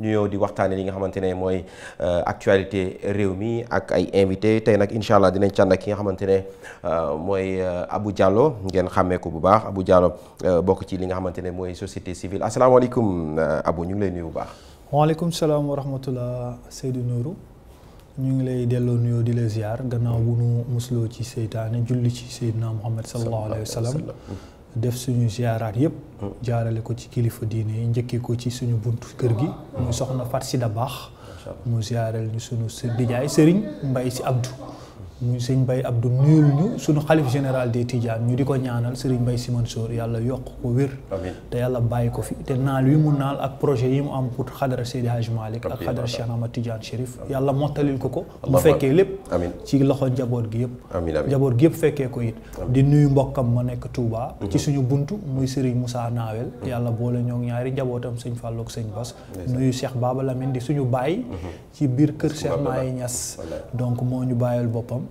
ñu di waxtaane li nga xamante ne mooy euh, actualité réew mii ak ay invité tey nag incha allah dinañ cànd ki nga xamante ne euh, mooy euh, abu Diallo ngeen xàmmee ko bu baax abu Diallo bokk ci li nga xamante ne mooy société civile asalaamaaleykum abu ñu ngi lay nuyu bu baax. waaleykum salaam wa rahmatullah Seydou Nourou ñu ngi lay delloo nuyoo di la ziar gannaaw bu nu musloo ci seytaane julli ci Seydina Muhammad sallallahu alayhi wa sallam def suñu ziaraat yëpp. jaarale ko ci kilifa diine yi njëkkee ko ci suñu buntu kër gi. muy soxna si Sida Baax. mu ziaral ñu suñu sa nijaay Serigne Mbaye si Abdou. ñu sëñ bay Abdou nuyul ñu suñu xalif général des tijaan ñu di ko ñaanal bay si Simon Soor yàlla yokk ko wér te yàlla bàyyi ko fi te naal yi mu naal ak projet yi mu am pour xadara Seydi Hadj Malick ak xadara Cheikh Ahmad Tidiane Chérif yàlla mottalil ko ko mu fekkee lépp ci loxo njaboot gi yëpp njaboot gi yëpp fekkee ko it di nuyu mbokkam ma nekk Touba mhm. ci suñu bunt muy Serigne Moussa Naawel mhm. yàlla boole ñoo ñaari njabootam sëñ Fallou ak sëñ Bass nuyu Cheikh Baba Lamine di suñu baay mhm. ci biir kër Cheikh Maye Niass donc moo ñu bàyyil boppam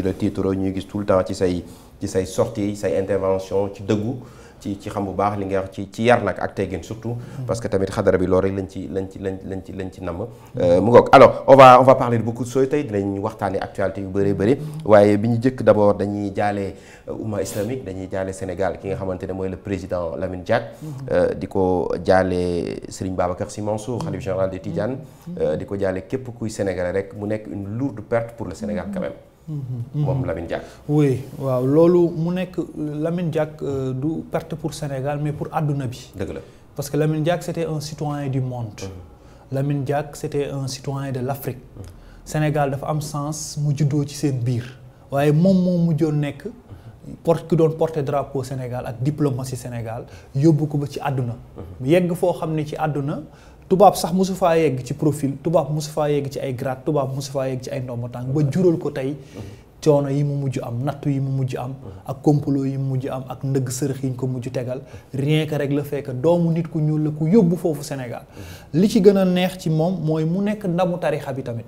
di la tiitaroo ñuy gis tout le temps ci say ci say sorties say intervention ci deggu ci ci xam bu baax li nga wax ci ci yar ak tegen surtout mm-hmm. parce que tamit xadara bi loolu rek lañ ci lañ ci lañ ci lañ ci euh mu ngoog alors on va on va parler de beaucoup de choses tey dinañ waxtaane actualité yu bëree bëri waye biñu jëk d'abord dañuy jalé euh, umma islamique dañuy jalé Sénégal ki nga xamantene moy le président Lamine diak mm-hmm. euh diko jalé Serigne Babacar Sy Mansour xalif mm-hmm. général de Tidiane euh diko jalé képp kuy sénégalais rek mu nek une lourde perte pour le Sénégal quand même comme mm-hmm. Lamine oui waaw loolu mu nek Lamine euh, du perte pour Sénégal mais pour aduna bi. parce que Lamine Diak un citoyen du monde. Mm-hmm. Lamine Diak un citoyen de l'Afrique. Mm-hmm. Sénégal dafa un sens mu juddoo ci bir. a porte qui porter drapeau Sénégal ak diplomatie Sénégal yobou ko ba ci tubaab sax mosu faa yegg ci profil tubaab mosu faa yegg ci ay grade tubaab mosu faa yegg ci ay ndombo ba jural ko tey coono yi mu mujj am nattu yi mu mujj am ak complot yi mu mujj am ak ndëgg sërëx yi ñu ko mujj tegal rien que rek la fekk doomu nit ku ñuul la ku yóbbu foofu Sénégal li ci gën a neex ci moom mooy mu nekk ndamu tarixa bi tamit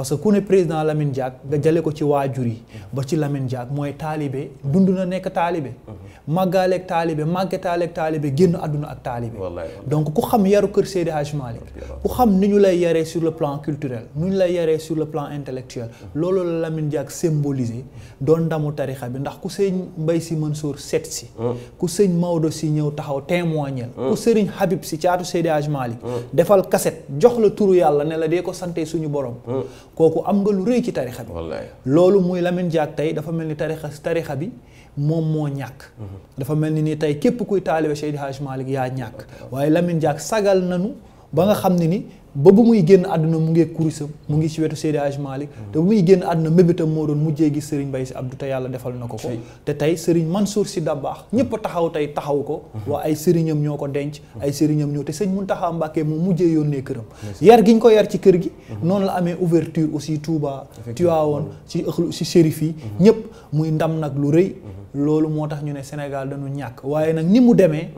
parce que ku ne président Lamine Diack nga jële ko ci waajur yi ba ci Lamine Diack mooy taalibe dund na nekk taalibe mhm. màggaaleeg taalibe màggetaaleeg taalibe génn àdduna ak taalibe donc ku xam yaru kër Seydi Hadj ku xam ni ñu lay yaree sur le plan culturel ni ñu lay yaree sur le plan intellectuel mhm. loolu la Lamine Diack symbolisé doon ndamu tarixa bi ndax ku sëñ Mbay Si mën Mansour seet si ku sëñ Maodo si ñëw taxaw témoignel ku mhm. sëriñ Habib si caatu Seydi Hadj Malick defal kaset jox la turu yàlla ne la dee ko sante suñu borom kooku am nga lu rëy ci tarixa bi loolu muy Lamine Diack tey dafa mel ni tarixa tarixa bi moom moo ñàkk mhm. dafa mel ni nii tey képp kuy taalibe Seydi Hadj Malick yaa ñàkk waaye Lamine Diack sagal nanu ba nga xam ne ni ba bu muy génn àdduna mu ngi kurisam mu ngi ci wetu Seydi Hadj Malick mm. te bu muy génn àdduna mébétam moo doon mujjee gis Serigne Baye Sy Abdou te yàlla defal na ko ko te tey Serigne Mansour Sy Dabakh mm. ñëpp taxaw tey taxaw ko mm-hmm. waa ay sëriñam ñoo ko denc mm-hmm. ay sëriñam ñoo te sëñ taxaw Mbacké mu mujjee yónnee këram yar gi ñu ko yar ci kër gi mm-hmm. noonu la amee ouverture aussi Touba Tivaouane ci ëxlu ci shérif yi ñëpp muy ndam nag lu rëy loolu moo tax ñu ne Sénégal dañu ñàkk waaye nag ni mu demee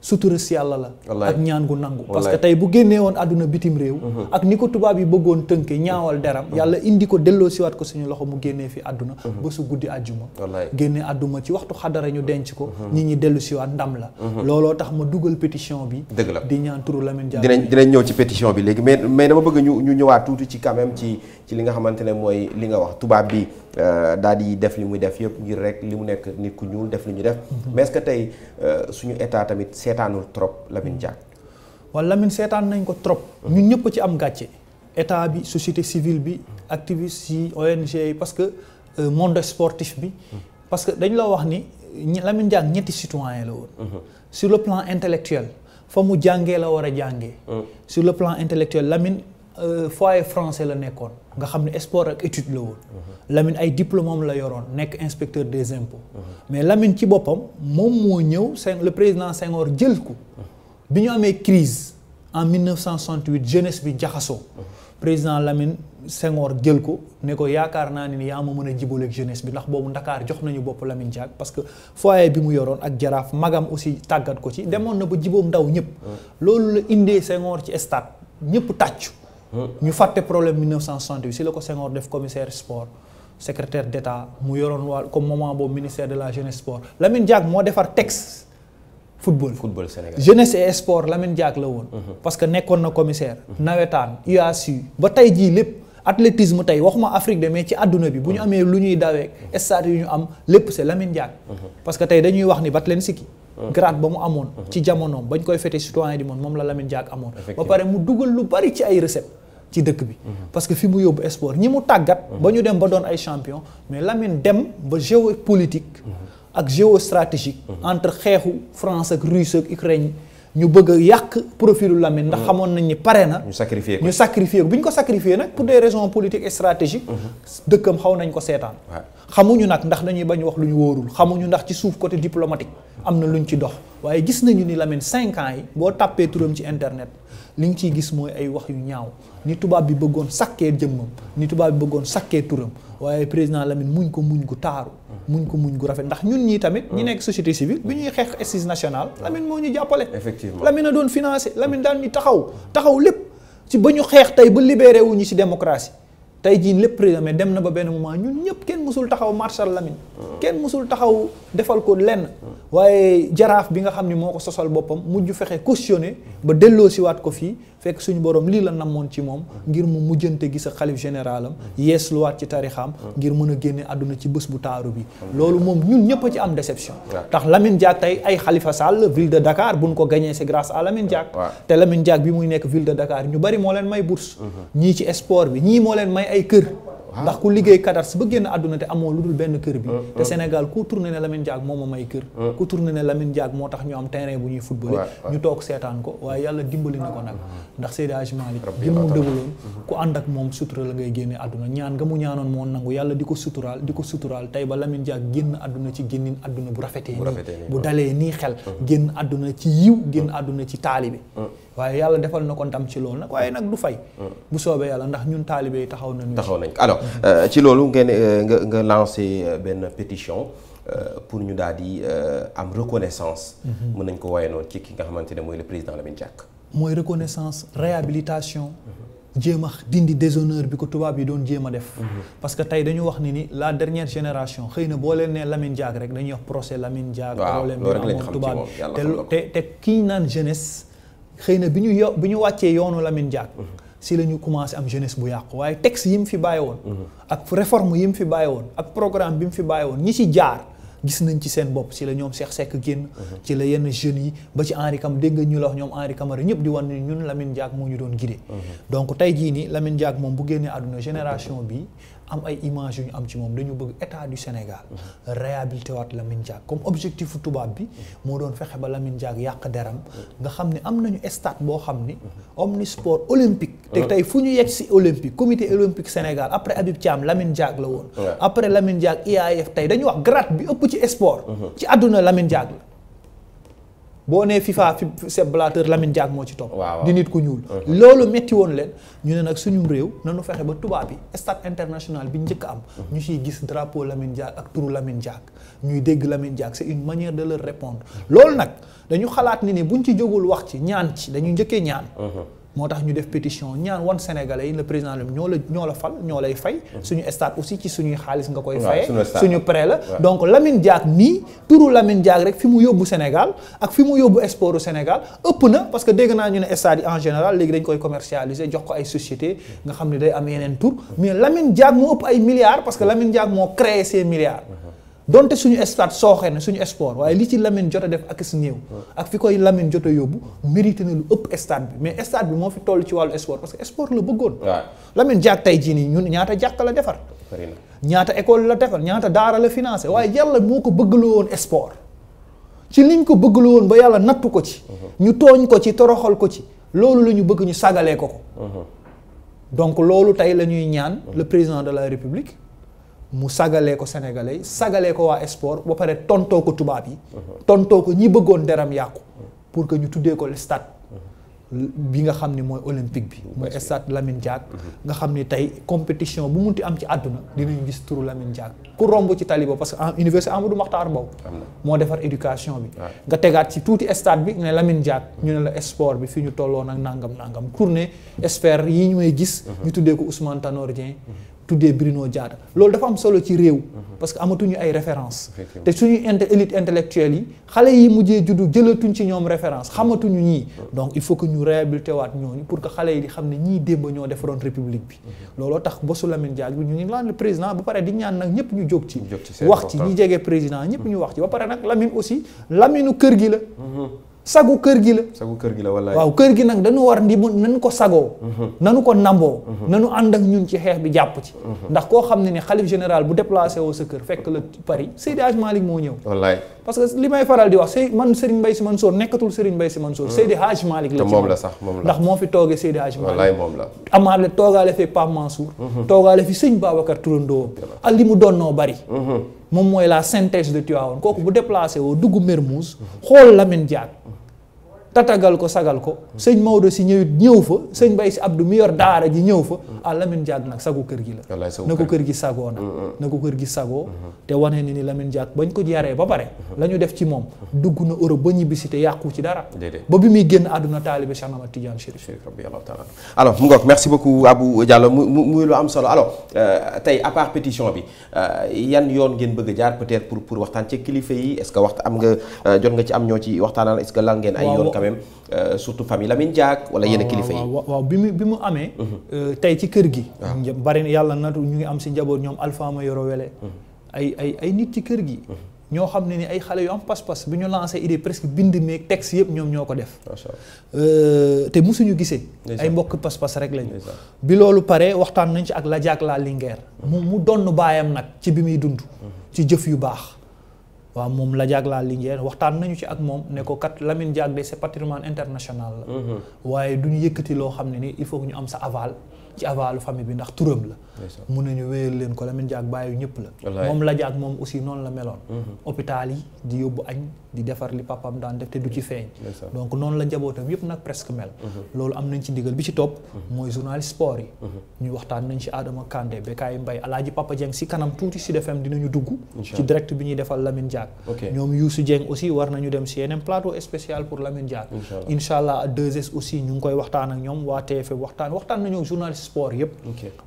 sutura si yàlla la ak ñaan gu nangu parce tey bu génnee woon àdduna bitim réew mhm. ak ni ko tubaab yi bëggoon tënke ñaawal deram mhm. yàlla indi ko delloo siwaat ko suñu loxo mu génnee fi àdduna mhm. ba su guddi àjjuma génne àdduma ci waxtu xadara ñu denc ko ñi ñi dellu siwaat ndam la looloo tax ma dugal pétition bi dëgg la di ñaan turu Lamine Diallo dinañ ñëw ci pétition bi léegi mais mais dama bëgg ñu ñu ñëwaat tuuti ci quand même ci ci li nga xamante ne mooy li nga wax tubaab bi euh, daal di def li muy def yëpp ngir rek li mu nekk nit ku ñuul def li ñu def. Mhm. mais est-ce que tey euh, suñu état tamit seetaanul trop Lamine Diack. Mmh. wala Lamine seetaan nañ ko trop. Mmh. ñun ñëpp ci am gàcce. état bi société civile bi. activistes yi ONG yi parce que euh, monde sportif bi. Mmh. parce que dañu la wax ni Lamine Diack ñetti citoyen la woon. sur le plan intellectuel fa mu jàngee la war a jàngee. sur le plan intellectuel lamin Euh, foyer français la nekkoon nga xam ne sport ak étude la woon. Lamine ay diplôme la yoroon nekk inspecteur des impôts. mais Lamine ci boppam moom moo ñëw le président Senghor jël ko. bi ñu amee crise en 1968 jeunesse bi jaxasoo. président Lamine Senghor jël ko ne ko yaakaar naa ni yaa ma mën a jeunesse bi ndax boobu Ndakaar jox nañu bopp Lamine Diack parce que foyer bi mu yoroon ak jaraaf magam aussi tàggat ko ci demoon na ba jiboom ndaw ñëpp. loolu la indee Senghor ci stade ñëpp tàccu. Hmm. ñu fàtte problème 1968 si le ko Senghor def commissaire sport secrétaire d'État, mu yoroon waa comme moment boobu ministère de la jeunesse sport Lamine Diack moo faire texte football. football Sénégal jeunesse et sport Lamine Diack la woon. Hmm. parce que nekkoon na commissaire. Hmm. nawetaan UASU ba tey jii lépp. athlétisme tay waxuma Afrique de mais ci aduna bi buñu amé luñuy lu ñuy stade yu ñu am lépp c'est Lamine diak parce que tay dañuy wax ni bat leen sikki Hmm. grade ba mu amoon hmm. ci jamono bañ koy fété citoyen du monde moom la lamine diag amoon ba pare mu dugal lu bari ci ay recette ci dëkk bi hmm. parce que fi mu yóbbu espoir ñi mu tàggat ba ñu dem ba doon ay champion mais lamine dem ba géopolitique ak géostratégique entre xeexu france ak russe ak ukraine ñu bëgg yàq profilu lamin ndax mm -hmm. xamoon nañ ni pare na ñu sacrifier ko ñu sacrifier ko bu ñu ko sacrifier nag pour des raisons politiques et stratégiques mm -hmm. dëkkam xaw nañ ko seetaan xamuñu nag ndax dañuy bañ wax lu ñu wóorul xamuñu ndax ci suuf côté diplomatique am na luñ ci dox waaye gis nañu ni lamin 5 ans yi boo tàppee turam ci internet liñ ciy gis mooy ay wax yu ñaaw ni tubaab bi bëggoon sàkkee jëmmam mm -hmm. ni tubaab bi bëggoon sakkee turam waaye président Lamine muñ ko muñ gu taaru muñ ko muñ gu rafet ndax ñun ñii tamit ñi hmm. nekk société civile bi ñuy xeex assise nationale hmm. Lamine moo ñu jàppale effectivement Lamine a doon financé hmm. Lamine daan ñu taxaw taxaw lépp ci ba ñu xeex tey ba libéré wuñu ci démocratie tey jii lépp président dem na ba benn moment ñun ñëpp kenn musul taxaw marshal Lamine kenn musul taxaw defal ko lenn waaye jaraaf bi nga xam ni moo ko sosal boppam mujj fexe cautionné ba delloo siwaat ko fii fekk suñu borom lii la namoon ci moom ngir mu mujjante gi sa xalif généralam yees luwaat ci tarixaam ngir mën a génne àdduna ci bés bu taaru bi loolu moom ñun ñëpp ci am déception tax Lamine Diack tey ay xalifa Sall ville de Dakar buñ ko gañee c'est grâce à lamin Diack te Lamine Diack bi muy nekk ville de Dakar ñu bari moo leen may bourse mm-hmm. ñii ci sport bi ñii moo leen may ay kër Ah. ndax ku liggéey kadars ba génn àdduna te amoo lu dul benn kër bi ah, te ah. Sénégal ku tourné ne Lamine Diack moo ma may kër ku tourné ne Lamine Diack moo tax ñu am terrain bu ñuy footballé ñu toog seetaan ko waaye yàlla dimbali na ko nag ndax Seydi Hadji Malick jëm mu dëgaloon mm-hmm. ku ànd ak moom sutura la ngay génne àdduna ñaan nga mu ñaanoon moo nangu yàlla di ko suturaal di ko suturaal tey ba Lamine Diack génn àdduna ci génnin àdduna bu rafetee nii bu dalee nii xel mm-hmm. génn àdduna ci yiw génn mm-hmm. àdduna ci taalibe waaye yàlla defal na ko ndam ci loolu nag waaye nag du fay. bu soobee yàlla ndax ñun taalibe yi taxaw nañu. taxaw nañ alors euh, ci loolu ngeen euh, nga nga lancé euh, benn pétition. pour ñu daal di am reconnaissance. Mhm. mën nañ ko woowee noonu ci ki nga xamante ne mooy le président Lamine Diack. mooy reconnaissance réhabilitation. jéem a dindi déshonneur bi ko tubaab yi doon jéem a def. Mhm. parce que tey dañu wax ni ni la dernière génération xëy na boo leen nee Lamine Diack rek dañuy wax procès Lamine Diack. waaw loolu rek lañ xam ci moom yàlla te te kii naan jeunesse. xëy na bi ñu yo bi ñu wàccee yoonu lamin Diack si la ñu commencé am jeunesse bu yàqu waaye texte yi mu fi bàyyi woon ak réforme yi mu fi bàyyi woon ak programme bi mu fi bàyyi woon ñi ci jaar gis nañ ci seen bopp ci la ñoom seex Seck génn ci la yenn jeunes yi ba ci Henri Cam dégg ñu la wax ñoom Henri Camara ñëpp di wan ne ñun Lamine Diack moo ñu doon guidé mhm. donc tey jii nii Lamine Diack moom bu génnee àdduna génération bi am ay image yu ñu am ci moom dañu bëgg état du Sénégal réhabilité waat Lamine Diack comme objectifu tubaab bi moo doon fexe ba lamin jaag yàq deram nga xam ne am nañu stade boo xam ni omnisport olympique te tey fu ñu yegg si olympique comité olympique Sénégal après ci am Lamine jaag la woon après Lamine Diack IAAF tey dañu wax grade bi ëpp ci sport mhm. ci àdduna Lamine Diack la boo nee FIFA fi Sepp Blatter Lamine jaag moo ci topp di nit ku ñuul loolu metti woon leen ñu ne nag suñu réew nanu fexe ba tubaab yi stade international bi njëkk am ñu ciy gis drapeau lamin Diack ak turu lamin Diack ñuy dégg Lamine Diack c'est une manière de leur répondre loolu nag dañu xalaat ni ne buñ ci jógul wax ci ñaan ci dañu njëkkee ñaan moo tax ñu def pétition ñaan wan sénégalais yi le président la ñoo la ñoo fal ñoo lay fay. Mm-hmm. suñu stade aussi ci suñuy xaalis nga koy. faye suñu prêt la. donc Lamine Diack nii turu Lamine Diack rek fi mu yóbbu Sénégal ak fi mu yóbbu exportu Sénégal ëpp na parce que dégg naa ñu ne stade en général léegi dañ koy commercialiser jox ko ay société nga xam ne day am yeneen tur mm-hmm. mais Lamine Diack moo ëpp ay milliards parce que mm-hmm. Lamine Diack moo créé ces milliards. donte suñu stade sooxee na suñu sport waaye li ci Lamine jot a def ak si néew. ak fi koy Lamine jot a yóbbu mérité na lu ëpp stade bi mais stade bi moo fi toll ci wàllu sport parce que sport la bëggoon. Lamine Diack tey jii nii ñun ñaata jàkk la defar. ñaata école la defar ñaata daara la financé waaye yàlla moo ko bëggloo woon sport. ci liñ ko bëggloo woon ba yàlla nattu ko ci. Mhm. ñu tooñ ko ci toroxal ko ci loolu la ñu bëgg ñu sagalee ko ko. Mhm. donc loolu tey la ñuy ñaan le président de la république. mu sagalee ko sénégalais sagale ko waa sport ba pare tontoo ko tubaab yi. tontoo ko ñi bëggoon deram yàqu. pour que ñu tuddee ko le stade. bi nga xam ni mooy olympique bi. mooy stade Lamine Diack. Mhm. nga xam ni tey compétition bu munti am ci àdduna. dinañ gis turu Lamine Diack. ku romb ci tali ba parce que en université Amadou moo defar éducation bi. nga tegaat ci tuuti stade bi ne Lamine Diack. ñu ne la sport bi fi ñu tolloon ak nangam nangam tournée sphère yi ñu may gis. Mhm. ñu tuddee ko Ousmane Tanor tuddee Bruno Diatta Lolo dafa am solo ci réew. Mhm. parce que amatuñu ay référence Té suñu inte élite intellectuelle yi xalé yi mujjé juddu jëlatuñ ci ñom référence xamatuñu ñi. Mhm. donc il faut que ñu réhabilité waat ñoñu pour que xalé yi di xam ne démb ño defaroon république bi. Mhm. Lolo tax bosu Lamine Diack ñu ngi le président ba paré di ñaan nak ñëpp ñu jog ci. wax ci ñi jege président ñëpp ñu wax ci ba paré nak Lamine aussi Laminu kër gi la. sagu kër gi la. sagu kër gi la wallaay waaw kër gi nag dañu war ndi mu nañ ko sagoo. Mhm. nañu ko namboo. Mhm. nañu ànd ak ñun ci xeex bi jàpp ci. Mhm. ndax koo xam ne ni xalif général bu déplacé woo sa kër fekk la Paris Seydi Hadj moo ñëw. wallaay parce que li may faral di wax Sey man Serigne Mbaye man Mansour nekkatul Serigne mbay Sy Mansour. Seydi Hadj Malick la ci moom la sax moom la ndax moo fi toogee Seydi Hadj Malick. wallaay moom la. amaale toogaale fi Pape Mansour. toogaale fi sëñ Babacar Tourandoo. ak li mu doon noo bari. moom mooy la synthèse de Tivaouane kooku bu déplacé woo dugg Mermoz xool Lamine Diack tatagal ko sagal ko señ mawdo si ñew ñew fa señ bay si abdou meilleur daara ji ñew fa a lamine diak nak sagu kër gi la nako kër gi sago na nako kër gi sago te wané ni lamine diak bañ ko jaré ba paré lañu def ci mom dugg na euro ba ñibisi te yaqku ci dara ba bi mi genn aduna talibé chanam tidiane cheikh cheikh rabbi allah taala alors mu ngok merci beaucoup abou diallo muy lu am solo alors euh, tay à part pétition bi euh, yan yoon ngeen bëgg jaar peut-être pour pour waxtaan ci kilifa yi est-ce que waxt am nga euh, jot nga ci am ñoo ci waxtaanal est-ce que la ngeen ay yoon même euh, surtout famille Lamine Diack wala yenn ah, kilifa yi waaw bi mu bi mu amee mhm. euh, tey ci kër gi ah. bari na yàlla ñu ngi am si njaboot ñoom Alpha Mayoro Wele mhm. ay ay ay nit ci kër gi mhm. ñoo xam ne ni ay xale yu am pas-pas bi ñu lancé idée presque bind meeg texte yëpp ñoom ñoo ko def euh, te suñu gisee ay mbokk pas-pas rek lañu bi loolu pare waxtaan nañ ci ak la jaak la Linguère mu mu donn baayam nag ci bi muy dund ci jëf yu baax waaw moom la jaag laa Linguère waxtaan nañu ci ak moom ne ko kat Lamine Diack de c'est international la mhm. waaye du ñu yëkkati loo xam ne ni il faut que ñu am sa aval ci avalu famille bi ndax turam la mun nañu wéyal leen ko Lamine Diack bàyyi ñëpp la moom la Diack moom aussi noonu la meloon mm-hmm. hôpital yi di yóbbu añ di defar li papam daan def te du ci feeñ donc noonu la njabootam yëpp na presque mel mm-hmm. loolu am nañ bi ci topp mm-hmm. mooy journaliste sport yi ñu waxtaan nañ ci Adama Kandé Bekaay Mbaye Alaaji Papa Dieng bi ñuy defal Lamine Diack ñoom Youssou Dieng aussi war nañu dem si yeneen plateau spécial pour Lamine Diack incha allah aussi ñu ngi koy waxtaan ak ñoom waa TFM waxtaan waxtaan nañoo journaliste sport yëpp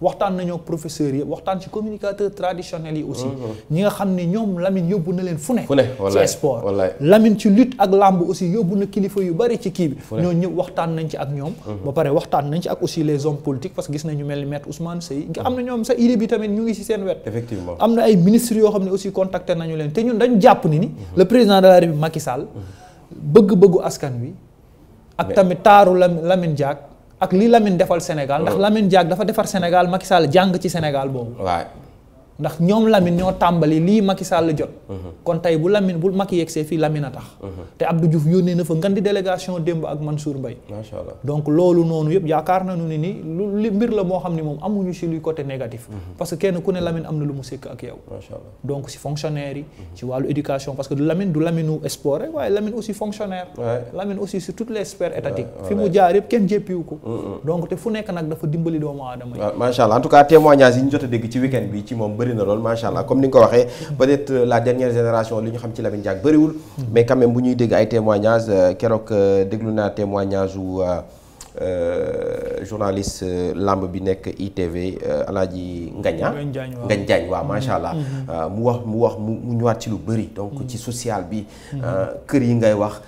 waxtaan nañoo ak professeurs yëpp waxtaan ci communicateurs traditionnels yi aussi mhm. ñi nga xam ne ñoom Lamine yóbbu na leen fu ne ci sport Lamine ci lutte ak lamb aussi yóbbu na kilifa yu bari ci kii bi ñoo ñëpp waxtaan nañ ci ak ñoom mhm. ba pare waxtaan nañ ci ak aussi les hommes politiques parce que gis nañu mel ni maître Ousmane Seye nga mhm. xam ne ñoom sa idée bi tamit ñu ngi ci seen wet am na ay ministres yoo xam ne aussi contacté nañu leen te ñun dañu jàpp ni ni le président de la ak lii lamin defal Sénégal ndax oh. Lamine Diack dafa defar Sénégal Macky Sall jàng ci Sénégal boobu. ndax ñoom lamin ñoo tàmbali lii Macky Sall la jot. Mhm. kon tay bu lamin bu Macky yegsee fii lamin a tax. Mhm. te Abdou Diouf yónnee na fa ngandi délégation démb ak Mansour Mbaye. donc loolu noonu yëpp yaakaar na nu ni ni lu li mbir la moo xam ne moom amuñu si luy côté négatif. Mhm. parce que kenn ku ne lamin am na lu mu sékk ak yow. donc si fonctionnaire yi. ci wàllu éducation parce que du lamin du laminu sport rek waaye lamin aussi fonctionnaire. lamin aussi sur toutes les sphères étatiques. fi mu jaar yëpp kenn jéppiwu ko. donc te fu nekk nag dafa dimbali doomu aadama yi. macha allah en tout cas témoignage yi ñu jot a dégg ci week-end bi ci moom bëri comme nous l'avons peut-être euh, la dernière génération li ñu xam ci Lamine hmm. mais quand même bu ñuy dégg ay témoignages euh, keroog euh, déglu des témoignages euh, journaliste euh, lamb bi nek ITV euh, aladi ngagna Ngañ Jaañ wa macha mhm. mhm. mu wax mu wax mu ci lu donc mhm. ci social bi keur yi ngay wax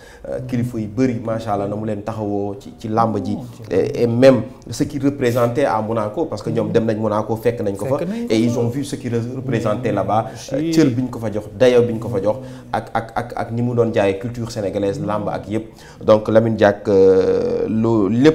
kilifa yi bëri machallah na mu taxawoo ci ci ji oh, et même ce qui représentait à Monaco parce que ñom dem nañ Monaco fekk nañ ko fa et ils ont vu ce qui représentait là-bas ciël biñ ko fa jox dayo biñ ko fa jox ak ak ak ni mu doon jaay culture sénégalaise lamb ak yépp donc Lamine diak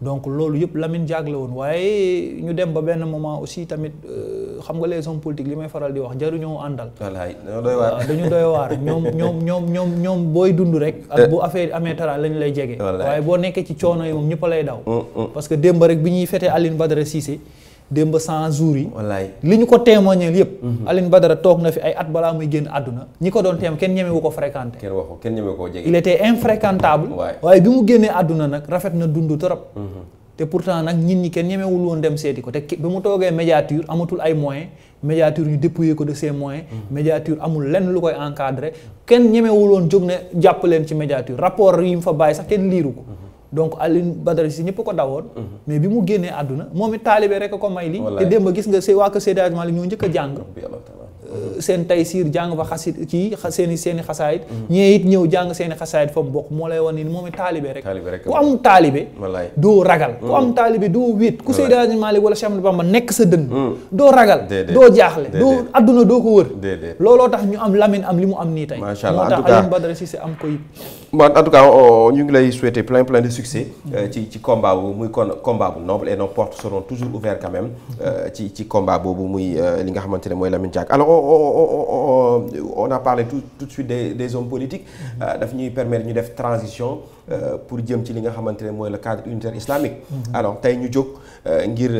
donc loolu yëpp lamin Diack la woon waaye ñu dem ba benn moment aussi tamit euh, xam nga les hommes politiques li may faral di wax jaruñoo àndal. wallaay doy waar dañu doy waar ñoom ñoom ñoom ñoom ñoom booy dund rek. ak bu affaire amee tara lañ lay jege. waaye boo nekkee ci coono yi moom ñëpp daw. Mm, mm. parce que démb rek bi ñuy fete Aline Badara Cissé. démb cent jour yi. wallaay li ñu ko témoigner yëpp. Mhm. ba dara toog na fi ay at balaa muy génn àdduna. ñi ko doon téem kenn ñemewu ko fréquenté. kenn waxu kenn ñemewu koo jege. il était infréquentable. waaye bi mu génnee àdduna nag rafet na dund trop. Mhm. te pourtant nag nit ñi kenn ñemewul woon dem seeti ko te bi mu toogee médiature amatul ay moyens médiature ñu dépouiller ko de see moyens. Mhm. médiature amul lenn lu koy encadré. kenn ñemewul woon jóg ne jàpp leen ci médiature rapport yi mu fa bàyyi sax kenn liiru ko. donc Alioune Badara Cissé ñëpp ko dawoon. Mhm. mais bi mu génnee àdduna moom it taalibe rek ko may li te démb gis nga see waa ko séddaaj li ñoo njëkk a jàng. Euh, seen tay siir jàng fa xasit kii seen i seen i xasaayit mhm. ñee it ñëw jàng seeni i xasaayit fa mu bokk moo lay wan ni moom it taalibe rek ku am taalibe doo ragal ku am mhm. taalibe doo wéet ku Seydi Hadji Malick wala Cheikh Ahmadou Bamba nekk sa dënn mhm. doo ragal doo jaaxle doo adduna doo ko wër looloo tax ñu am Lamine am li mu am nii tey moo tax Alioune Badara Cissé am ko yit en tout oh, oh, ñu ngi lay souhaiter plein plein de succès euh, ci ci combat bu muy kon combat bu noble et euh, ci ci boobu muy li nga xamante ne mooy Lamine Diack alors oh, on, a parlé tout, tout de suite des, des hommes politiques mm-hmm. euh, daf ñuy permettre ñu def transition euh, pour jëm ci li nga xamante ne le cadre unitaire islamique mm-hmm. alors tey ñu jóg euh, ngir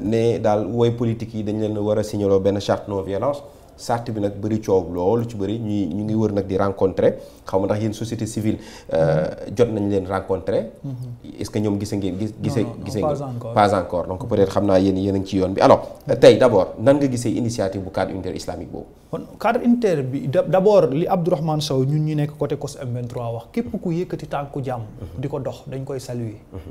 ne daal wooy politique yi dañ leen war a charte non violence sàtt lah eh, mhm. bi nag bëri coow lool ci bëri ñuy ñu ngi wër nag di rencontré xaw ma ndax yéen société civile jot nañ leen rencontré. est ce que ñoom gisee ngeen gis gisee non, non, non, non pas, encore donc peut être xam naa yéen yéen ci yoon bi alors. Mm -hmm. nan nga gisee initiative bu cadre inter. islamique boobu. kon cadre unitaire bi d' abord li Abdourahmane Sow ñun ñu nekk côté COS M23 wax képp ku yëkkati tànku jàmm. di dox dañ koy saluer. Mhm.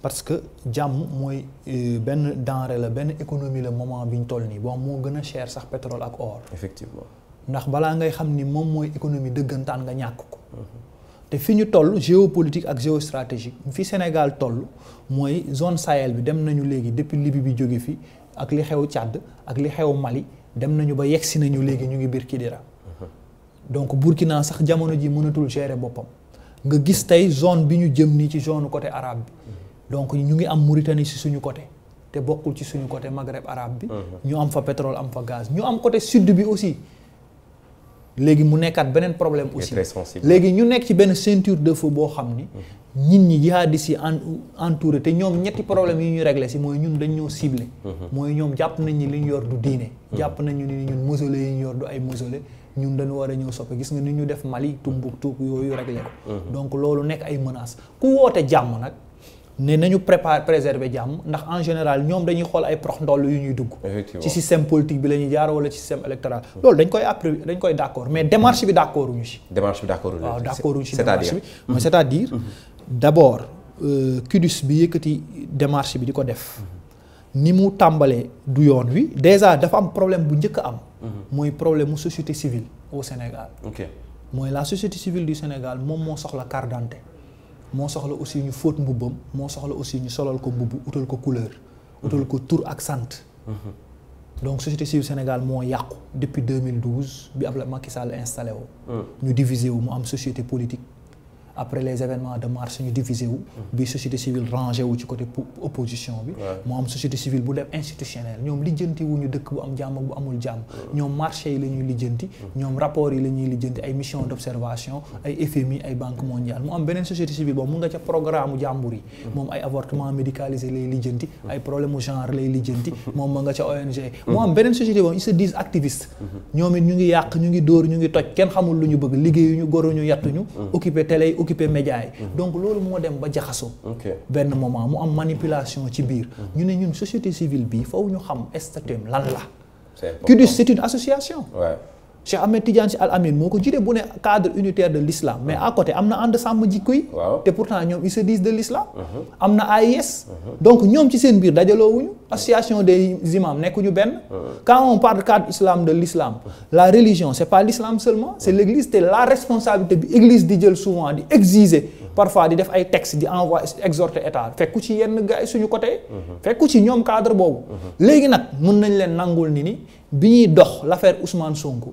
parce que jàmm moy euh, ben denrée la ben économie le moment biñ ñu toll bon mo gëna cher sax pétrole ak or. effectivement ndax bala ngay xam ni moom mooy économie dëggantaan nga ñàkk ko. Mm-hmm. te fi ñu toll géopolitique ak géostratégique fi Sénégal toll moy zone Sahel bi dem nañu légui depuis Libye bi jóge fi ak li xew Tchad ak li xew Mali dem nañu ba yegsi nañu léegi ñu ngi bir Kidira. Mm-hmm. donc Burkina sax jamono ji mënatul gérer bopam nga gis tay zone bi ñu jëm ni ci zone côté arabe donc ñu ngi am Mauritanie si suñu côté te bokkul ci suñu côté Maghreb arabe bi. Mhm. ñu am fa pétrole am fa gaz ñu am côté sud bi aussi. léegi mu nekkaat beneen problème aussi léegi ñu nekk ci benn ceinture de feu boo xam ni mhm. nit ñi jihadis yi en entouré te ñoom ñetti problème yi ñu réglé si mooy ñun dañ ñëw cible mhm. mooy ñoom jàpp nañ ñi li ñu yor du diine jàpp nañu ni ñun mausolée yi ñu yor du ay mausolée ñun dañu war a ñëw soppe gis nga ni ñu def Mali Tombouctou yooyu réglé ko donc loolu nekk ay menace ku woote jàmm nag ne nañu préparer préserver jàmm ndax en général nous dañuy xool ay prox ndoll yu ñuy dugg ci système politique bi la ñuy jaar wala ci système électoral loolu dañ koy appré dañ koy mais démarche bi d'accord ou uñu démarche bi d'accord ou waaw d' accord uñu si démarche à dire d' abord CUDIS bi yëkkati démarche bi di ko def mm-hmm. ni mu tambalé du yoon wi déjà dafa am problème bu njëkk am moy mm-hmm. problème société civile au Sénégal moy la société civile du Sénégal mom mo soxla carte d'identité moo soxla aussi ñu fóot mbubbam moo soxla aussi ñu solal ko mbubb utal ko couleur utal ko tur ak sant mhm. donc société civile Sénégal moo yàqu depuis 2012 bi Abdoulaye Macky Sall installé wu mm. ñu divisé wu mu am société politique après les événements de mars ñu divisé wu. Mhm. bi société civile rangé wu ci côté opposition bi. mo am société civile bu dem institutionnel ñom lijjanti wu ñu dëkk bu am jamm bu amul jamm ñom marché yi lañuy ñuy mhm. ñom rapport yi lañuy ñuy ay mission mhm. d'observation ay FMI ay banque mondiale mo am benen société civile bo mu nga ca programme mu jàmbur yi. moom ay avortement médicalisé lay lijjanti. ay problème mu genre lay lijjanti. mom ma nga ca ONG. mo am benen société bo ils se disent activistes. ñom it ñu ngi yàq ñu ngi dóor ñu ngi toj kenn xamul lu ñu bëgg ñu yattu ñu occuper télé occuper média yi mhm. donc loolu moo dem ba jaxasoo benn moment mu am manipulation ci biir mhm. ñu ne ñun société civile bi faw ñu xam statut lan la CUDIS c'est une association Cheikh Ahmed Tidiane Al Amin moo ko jiite bu ne cadre unitaire de l'islam mais à côté am na ànd sàmm jikko yi te pourtant ñoom ils se disent de l'islam mhm. am na yes mhm. donc ñoom ci seen biir dajaloowuñu association des nekku ñu benn mhm. quand par parle cadre islam de l'islam la religion c'est pas l'islam seulement c'est l'église te la responsabilité bi église di jël souvent di exiger parfois di def ay texte di envoyer exhorter état fekku ci yenn gars suñu côté fekku ci ñoom cadre boobu léegi nag mën nañ leen nangul ni ni bi ñuy dox l'affaire Ousmane Sonko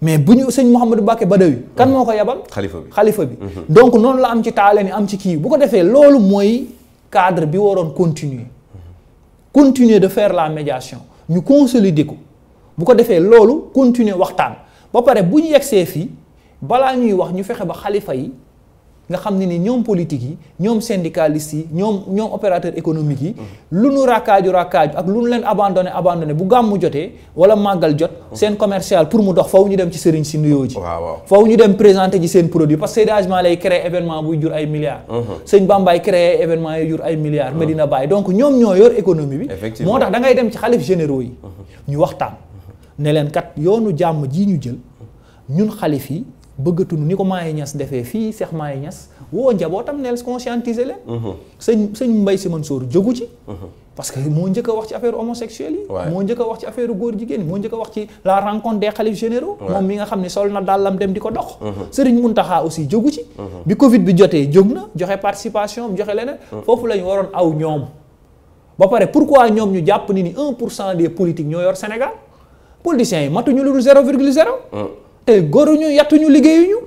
mais buñu seigne Mohammed bakay Badawi kan moko yabal. bi bi. Mhm. donc non la am ci taale ni am ci ki bu ko cadre bi continuer continuer de faire la médiation ñu consolider ko bu ko defee lolu continuer waxtaan ba paré buñu yexé fi ñuy wax ñu fexé ba khalifa nga xam ne ni ñoom politique yi ñoom syndicalistes yi ñoom ñoom opérateurs économiques yi. Mhm. lu nu rakkaaju rakkaaju ak lu nu leen abandonné abandonné bu gàmmu jotee wala màggal jot. Mhm. seen commercial pour mu dox faw ñu dem ci sëriñ si nuyoo ji. waaw faw ñu dem présenter ji seen produit parce que Seydi Hadji Malick lay créer événement buy jur ay milliards. Mhm. sëñ Bambaye créer événement yi jur ay milliards. Medina Baye donc ñoom ñoo yor économie bi. effectivement moo tax da ngay dem ci xalif généraux ñu waxtaan ne leen kat yoonu jàmm ji ñu jël ñun xalif bëggatuñu ni ko Maye Niass defee fii Cheikh Maye Niass woo njabootam neel conscientiser leen. Mhm. sëñ sëñ Mbaye Sy Mansour jógu ci. Mhm. parce que moo njëkk wax ci affaire homosexuel yi. moo njëkk a wax ci affaire góor jigéen moo njëkk a wax ci la rencontre des xalif généraux. moom mi nga xam ne sol na dàllam dem di ko dox. Mhm. Serigne Mountakha aussi jógu ci. bi Covid bi jotee jóg na joxe participation joxe leneen. foofu lañu ñu waroon aw ñoom. ba pare pourquoi ñoom ñu jàpp ni ni 1 pour cent des politiques ñoo yor Sénégal politiciens yi matuñu lu dul 0,0. te eh, góoruñu ñu liggéeyuñu.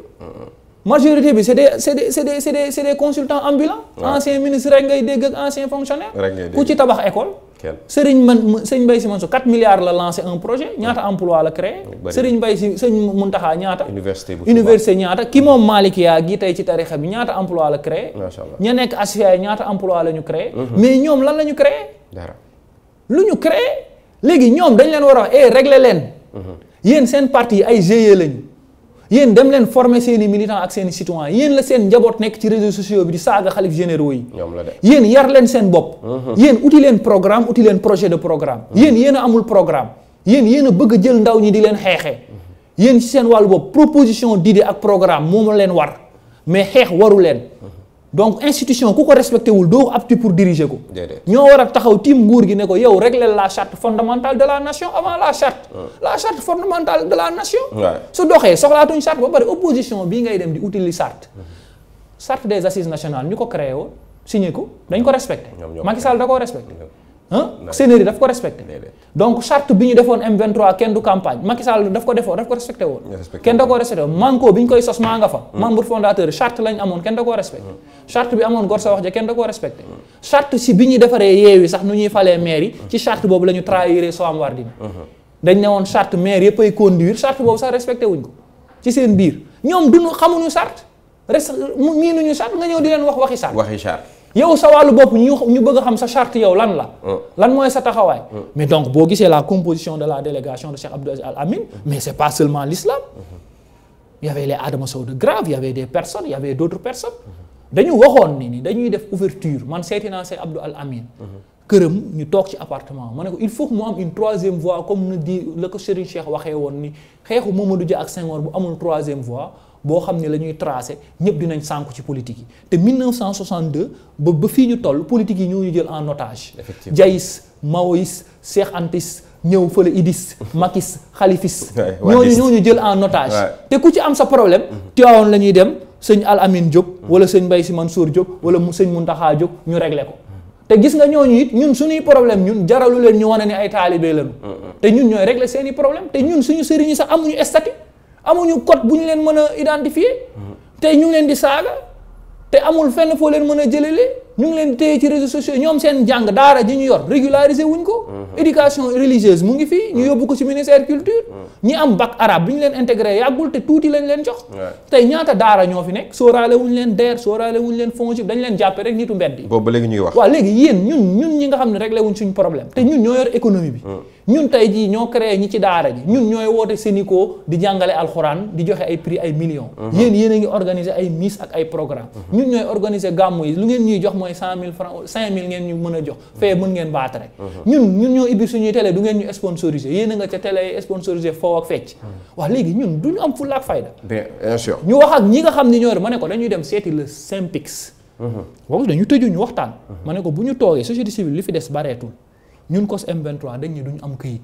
majorité bi c' est des c' est des c' est des c' est ministre rek ngay dégg ak ancien fonctionnaire. ku ci tabax école. Serigne man Serigne Mbaye Sy Mansour 4 milliards la lancé un projet ñaata emploi la créé. Serigne Mbaye Sy Serigne Mountakha ñaata. université bu ñaata ki moom Malick yaa gi tey ci tarixa bi ñaata emploi la créé. macha ña nekk Asfiya ñaata emploi la ñu créé. Mhm. mais ñoom lan la ñu créé. dara lu ñu créé léegi ñoom dañ leen war a wax eh leen. Mhm. yéen seen parti ay GIE lañu yéen dem leen former seen i militants ak seen i citoyens yéen la seen njaboot nekk ci réseaux sociaux bi di saaga xalif généraux yi. ñoom la yéen yar leen seen bopp. Mhm. yéen uti leen programme uti leen projet de programme. Mhm. yéen yéen amul programme. yéen yéen a bëgg a jël ndaw ñi di leen xeexee. Mhm. yéen ci seen wàllu bopp proposition d'idée ak programme moom leen war mais xeex waru leen. donc l'institution qui respecte le wul pour diriger Nous avons dit a taxaw régler la charte fondamentale de la nation avant la charte. Ah. la charte fondamentale de la nation. su doxee une charte ba l'opposition, opposition bii ngay dem di La charte. charte des assises nationales nous avons créé signé ko dañ respecté. Macky Sall seen daf ko respecté donc charte bi ñu defoon M23 kenn du campagne Macky Sall daf ko defoon daf ko respecté woon kenn da ko respecté woon manko bi ñu koy sos maa nga fa membre fondateur charte lañ amoon kenn da ko respecté charte bi amoon gor sa wax ja kenn da ko respecté charte hmm. si bi ñu defaree yeewi sax ah, nu ñuy falee maire yi ci charte boobu lañu trahiré so am war dina hmm. dañ ne woon charte maire yëpp ay conduire charte boobu sax respecté wuñ ko ci seen biir ñoom du nu xamuñu charte res mi nuñu charte nga ñëw di leen wax waxi charte waxi charte yow sa wàllu bopp ñu ñu bëgg xam sa charte yow lan la. Ah. lan mooy sa taxawaay. Ah. mais donc boo gisee la composition de la délégation de Cheikh Abdou Aziz Al Amin ah. mais c'est pas seulement l'islam. il y avait les Adama Sow Grave il y avait des personnes il y avait d'autres dañu waxoon ni ni dañuy def ouverture man seeti naa Cheikh Abdou Al Amin këram ñu toog ci appartement ma ne ko il faut que mu am une troisième voie comme na di la ko Serigne Cheikh waxee woon ni xeexu Mamadou Dia ak Senghor bu amul troisième voie. boo xam ne la ñuy tracé ñëpp dinañ sànku ci politique yi te 1962 ba ba fii ñu toll politique yi ñoo ñu jël en otage. effectivement jaïs maoïs Cheikh Antis ñëw fële idis makis xalifis. ñoo ñu jël en otage. te ku ci am sa problème. Mm-hmm. Tiwaawoon la ñuy dem sëñ Al Amin jóg mm-hmm. wala sëñ Mbaye Sy Mansour Diop wala mu sëñ Mountakha jóg ñu réglé ko. te gis nga ñooñu it ñun suñuy problème ñun jaralu leen ñu wane ni ay taalibe lañu. Mm-hmm. te ñun ñooy réglé seen i problème te ñun suñu sëriñ yi sax amuñu statut. amuñu code bu ñu leen mën a identifier mm-hmm. tey ñu leen di saala te amul fenn foo leen mën a jëlale ñu ngi leen téye ci réseaux sociaux ñoom seen jàng daara ji ñu yor régulariser wuñ ko mhm. éducation religieuse mu ngi fii ñu mhm. yóbbu ko ci ministère culture mhm. ñi am bac arabe bi ñu leen intégré yàggul te tuuti lañ leen jox tey ñaata daara ñoo fi nekk sóoraale wuñ leen DER sóoraale wuñ leen FONGIP dañ leen jàppe rek nitu mbedd yi boobu léegi ñuy wax waaw léegi yéen ñun ñun ñi nga xam ne réglé wuñ suñ problème te ñun ñoo yor économie bi ñun tey jii ñoo créé ñi ci daara ji ñun ñooy woote Sénico di jàngale alxuraan di joxe ay prix ay millions yéen yéen a ngi ay miss ak ay programme mooy cent mille francs cinq mille ngeen ñu mën a jox fee mën ngeen baat rek ñun ñun ñoo ibbi suñuy télé du ngeen ñu sponsorisé yéen a nga ca télé yi sponsorisé ak fecc wax léegi ñun du duñu am fulla ak fayda bien sûr ñu wax ak ñi nga xam ni ñoo ñoor ma ne ko dañuy dem seeti le Synpics boobu dañu tëju ñu waxtaan ma ne ko bu ñu toogee société civile li fi des bareetul ñun cos M23 dañ ne duñu am këyit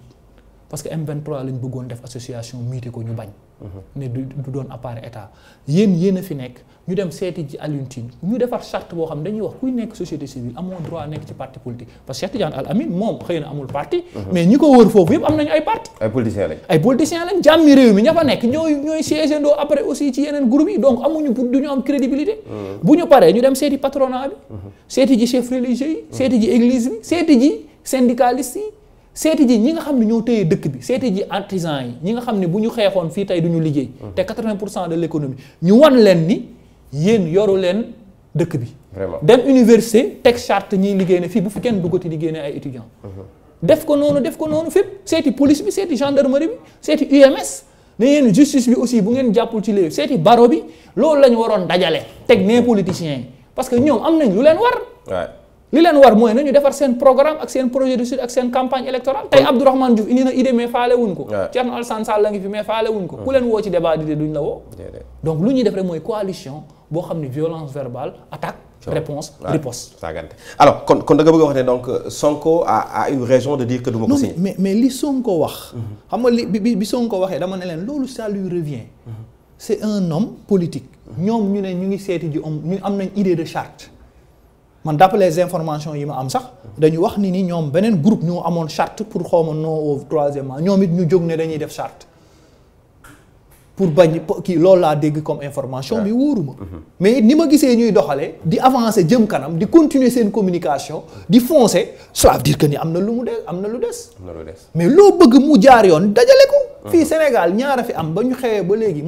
parce que M23 lañ bëggoon def association muté ko ñu bañ. Mhm. ne du doon appareil état yéen yéen fi nekk ñu dem seeti ji Alioune Tine ñu defar charte boo xam dañuy wax kuy nekk société civile amoo droit nekk ci parti politique parce que Cheikh Tidiane Al Amine moom xëy na amul parti. Mhm. mais ñi ko wër foofu yëpp am nañu ay parti. ay politiciens lañ ay politiciens lañ jàmmi réew mi ña fa nekk ñooy ñooy siégé doo après aussi ci yeneen groupe yi donc amuñu pour du ñu am crédibilité. Mhm. seeti ji ñi nga xam ne ñoo téye dëkk bi seeti ji artisan yi ñi nga xam ne bu ñu xeexoon fii tey duñu ñu liggéey hmm. te 80 pour cent de l'économie ñu wan leen ni yéen yoru leen dëkk bi dem université teg chart ñiy liggéey ne fii bu fi kenn duggati di génne ay étudiants hmm. def ko noonu def ko noonu fépp seeti police bi seeti gendarmerie bi seeti UMS ne yéen justice bi aussi bu ngeen jàppul ci léegi seeti baro bi loolu la ñu waroon dajale teg ne politiciens parce que ñoom am nañ lu leen war li leen war mooy nañu defar seen programme ak seen projet de suite ak seen campagne électorale tey Abdourahmane Diouf indi na idée mais faale wuñ ko Thierno Alassane Sall la ngi fi mais faale wuñ ko mm. ku leen woo ci débat d'idée duñ la woo donc lu ñuy def rek mooy coalition boo xam ne violence verbale attaque réponse riposte saagante alors kon kon da nga bëgg a wax ne donc euh, Sonko a a une raison de dire que du ma ko signé mais mais li Sonko wax mm-hmm. xam nga li bi bi Sonko waxee dama ne leen loolu ça lui revient mm-hmm. c'est un homme politique mm-hmm. ñoom ñu ne ñu ngi seeti ji homme ñu am nañ idée de charte man d'après les informations yi ma am sax dañu wax ni ni ñoom beneen groupe ñoo amoon charte pour xawma non au troisième ñoom it ñu jóg ne dañuy def charte pour bañ kii loolu la dégg comme information bi wóoruma mais ni ma gisee ñuy doxalé di avancer jëm kanam di continuer sen communication di foncer cela veut dire que ni amna lu mu des am lu dess mais lo bëgg mu jaar yoon dajalé ko fi Sénégal ñaara fi am ba ñu xewee ba légui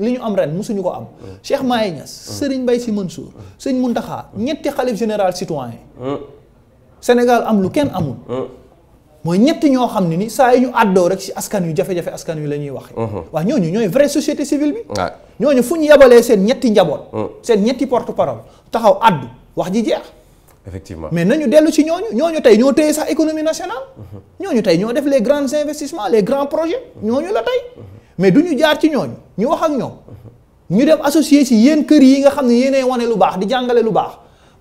liñu am ren musuñu ko am Cheikh Maye Niass Serigne Mbaye Sy Mansour Serigne Mountakha ñetti xalif général citoyen Sénégal am lu kenn amul mooy ñett ñoo xam ne ni saa yu ñu àddoo rek si askan yu jafe-jafe askan wi la ñuy waxe mhm. waaw ñooñu ñooy vraie société civile bi ñooñu fu ñu yebalee seen ñetti njaboot mhm. seen ñetti porte parole taxaw addu wax ji jeex effectivement mais nañu dellu ci ñooñu ñooñu tey ñoo téye sax économie nationale mhm. ñooñu tey ñoo def les grands investissements les grands projets ñu la tey mais du ñu jaar ci ñooñu ñu wax ak ñoom ñu dem associé si yéen kër yi nga xam ne yéenay wane lu baax di jàngale lu baax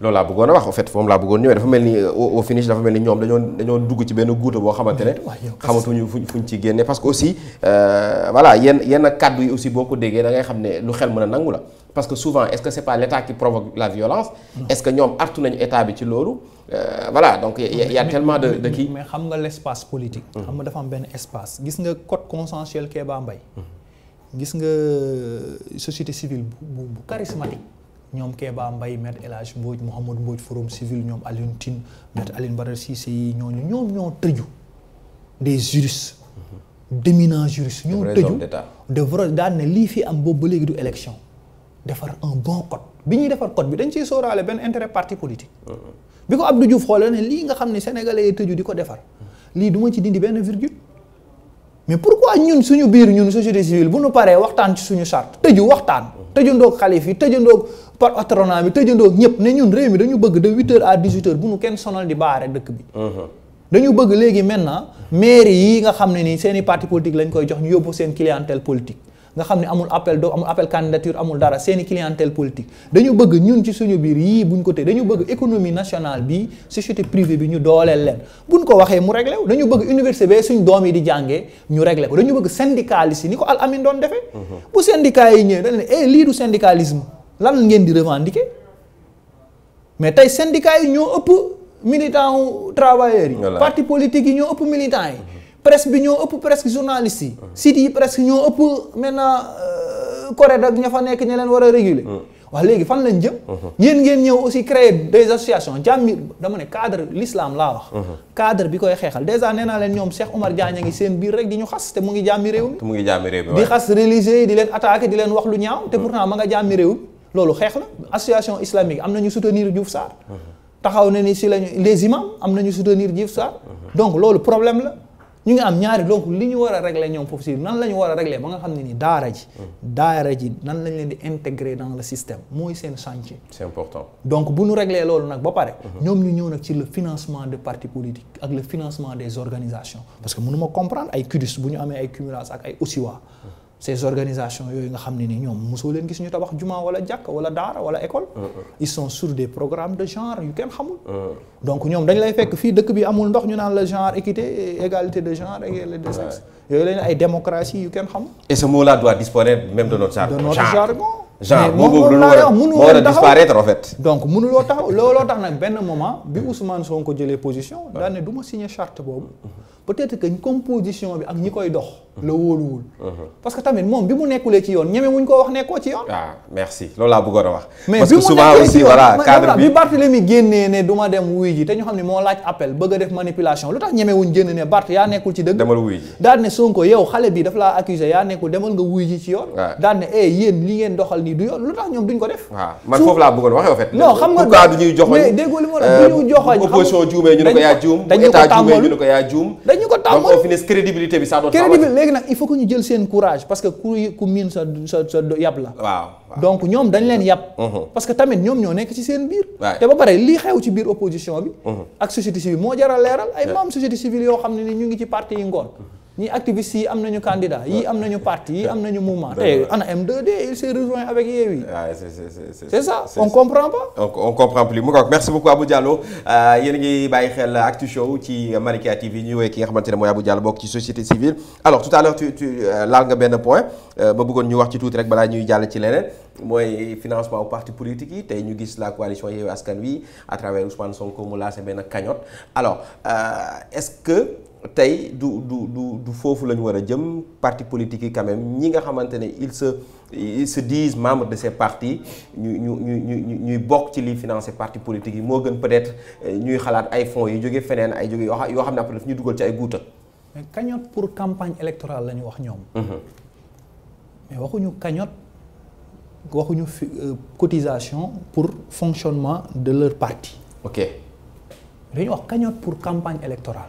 loolu la bëggoon wax en fait moom la bëggoon ñëwee dafa melni euh, au finish dafa melni ñom ñoom dañoo dañoo dugg ci benn goutte bo xamantene xamatu ñu fuñ ci génne parce que aussi euh, voilà yenn yenn kàddu yi aussi boo déggé da ngay xamné lu xel mëna nangula parce que souvent est-ce que c'est pas l'État qui provoque la violence est-ce que ñom artu nañ état bi ci euh, voilà donc il y a tellement de de qui mais xam nga l'espace politique hum. xam nga dafa am benn espace gis nga code consensuel Kéba mbay hum. gis nga euh, société civile bu bu charismatique ñoom Kéba Mbaye maître El Hadj Mbodj Mouhamadou Mbodj forum civil ñoom Alioune Tine maître Alioune Badara Cissé yi ñooñu ñoom ñoo tëju des juristes mhm. d'éminents juristes ñoo tëju de vrai daan ne lii fi am boobu ba léegi du élection defar un bon code bi ñuy defar code bi dañ ciy sóoraale benn intérêt parti politique mhm. bi ko Abdou Diouf xoolee ne lii nga xam ne sénégalais tëju di ko defar mhm. lii du ma ci dindi benn virgule mais pourquoi ñun suñu biir ñun société civile bu nu paree waxtaan ci suñu charte tëju waxtaan part par patronat bi tëjandoo ñëpp ne ñun réew mi dañu bëgg de huit heures à dix huit heures bu nu kenn sonal di baare dëkk bi. Uh-huh. dañu bëgg léegi maintenant mairie yi nga xam ne ni seen i parti politique lañ koy jox ñu yóbbu seen clientèle politique. nga xam ne amul appel do amul appel candidature amul dara seeni clientèle politique dañu bëgg ñun ci suñu biir yii buñ ko tee dañu bëgg économie nationale bi société privée bi ñu dooleel leen buñ ko waxee mu réglé dañu bëgg université bee suñ doom yi di jàngee ñu réglé ko bëgg syndicaliste yi ni ko al doon defee uh-huh. bu syndicat yi ñëwee dañ ne eh lii du lan ngeen di revendiquer mais tey syndicats yi ñoo ëpp militants wu travailleurs yi. parti politique yi ñoo ëpp militants yi. presse bi ñoo ëpp presque journalistes yi. Mmh. sites yi presque ñoo ëpp maintenant euh, CORED ak ña fa nekk ña leen war a réguler. Mmh. wax léegi fan lañ jëm. ñeen mmh. ngeen ñëw aussi créer des associations jàmmi dama ne cadre l'islam laa wax. cadre bi koy xeexal déjà a naa leen ñoom Cheikh Omar Diagne a ngi seen biir rek di ñu xas te mu ngi jàmmi réew mi. te mu ngi jàmmi di xas leen attaquer lu ñaaw. te pourtant ma nga jàmmi réew loolu xeex la association islamique am nañu soutenir Diouf Sarr taxaw na ni si lañu les imams am nañu soutenir Diouf Sarr donc loolu problème la ñu ngi am ñaari donc li ñu war a régler ñoom foofu si nan la ñu war a régler ba nga xam ne ni daara ji daara ji nan lañ leen di intégrer dans le système mooy seen chantier c'est important donc bu ñu régler loolu nag ba pare mhm. ñoom ñu ñëw nag ci le financement de parti politique ak le financement des organisations parce que mënu ma comprendre ay CUDIS bu ñu amee ay cumulage ak ay OSIWA ces organisations yoy nga xamni ni ñom musu leen gis ñu tabax Juma, wala jàkk wala daara wala école euh, euh. ils sont sur des programmes de genre yu kenn xamul euh donc ñoom dañ lay fekk fii dëkk bi amul ndox ñu naan la genre équité égalité de genre égalité de sexe yooyu lañ ay démocratie yu kenn xam. et ce mot-là doit disparaître même de notre jargon. de notre jargon. genre moo boobu moo war a disparaître en fait. donc mënuloo taxaw looloo tax nag benn moment bi Ousmane Sonko jëlee position daan ne du ma signé charte boobu peut-être que composition bi ak ñi koy dox. la wóoluwul. Mhm. parce que tamit moom bi mu nekkulee ci yoon ñeme wuñ ko wax nekkoo ci yoon. ah merci loolu laa bëggoon a wax. mais bi mu nekkee ci yoon parce que souvent aussi voilà cadre bi Barthélémy génnee ne du ma dem wuy ji te ñu xam ne moo laaj appel bëgg a def manipulation lu tax ñemewuñ jënd ne Bart yaa nekkul ci dëgg demal wuy ji daan ne Sonko yow xale bi dafa laa accusé yaa nekkul demal nga wuy ji ci yoon daan ne eh li ngeen doxal nii du yoon lu tax ñoom duñ ko def man foofu laa bëggoon waxee en fait non xam nga du ñuy joxoñ dañu ko tàmmool dañu ko tàmmool donc au crédibilité bi ça doit crédibilité léegi nag il faut que ñu jël seen courage parce que ku ku donc ñoom dañ leen yàpp parce que tamit ñoom ñoo nekk ci seen biir te ba pare lii xew ci biir opposition bi ak société civile moo jaral leeral ay membres société civile yoo xam ne ni ñu ngi ci parti yi ngoon ni activistes yi am nañu candidat yi am nañu parti yi am nañu mouvement tay eh, ana M2D il s'est rejoint avec Yewwi ah, c'est ça on comprend pas on comprend plus merci beaucoup Abou Diallo euh, yéen ngi baye xel Actu Show ci Malikia TV ñu woowee ki nga xamante Abou Diallo bok ci société civile alors tout à l'heure tu tu euh, laal nga ben point euh, ba bëggon ñu wax ci tout rek bala ñuy jall ci lénen moy financement au parti politique yi tey ñu gis la coalition Yewwi Askan Wi à travers Ousmane Sonko mu lancé ben cagnotte alors est-ce que tay du du du parti politique même ils se disent membres de ces partis ñu ñu parti politique peut-être euh, ñuy xalaat fonds yi fenen ay pour campagne électorale Nous wax mhm. mais euh, cotisation pour fonctionnement de leur parti. ok wax pour campagne électorale.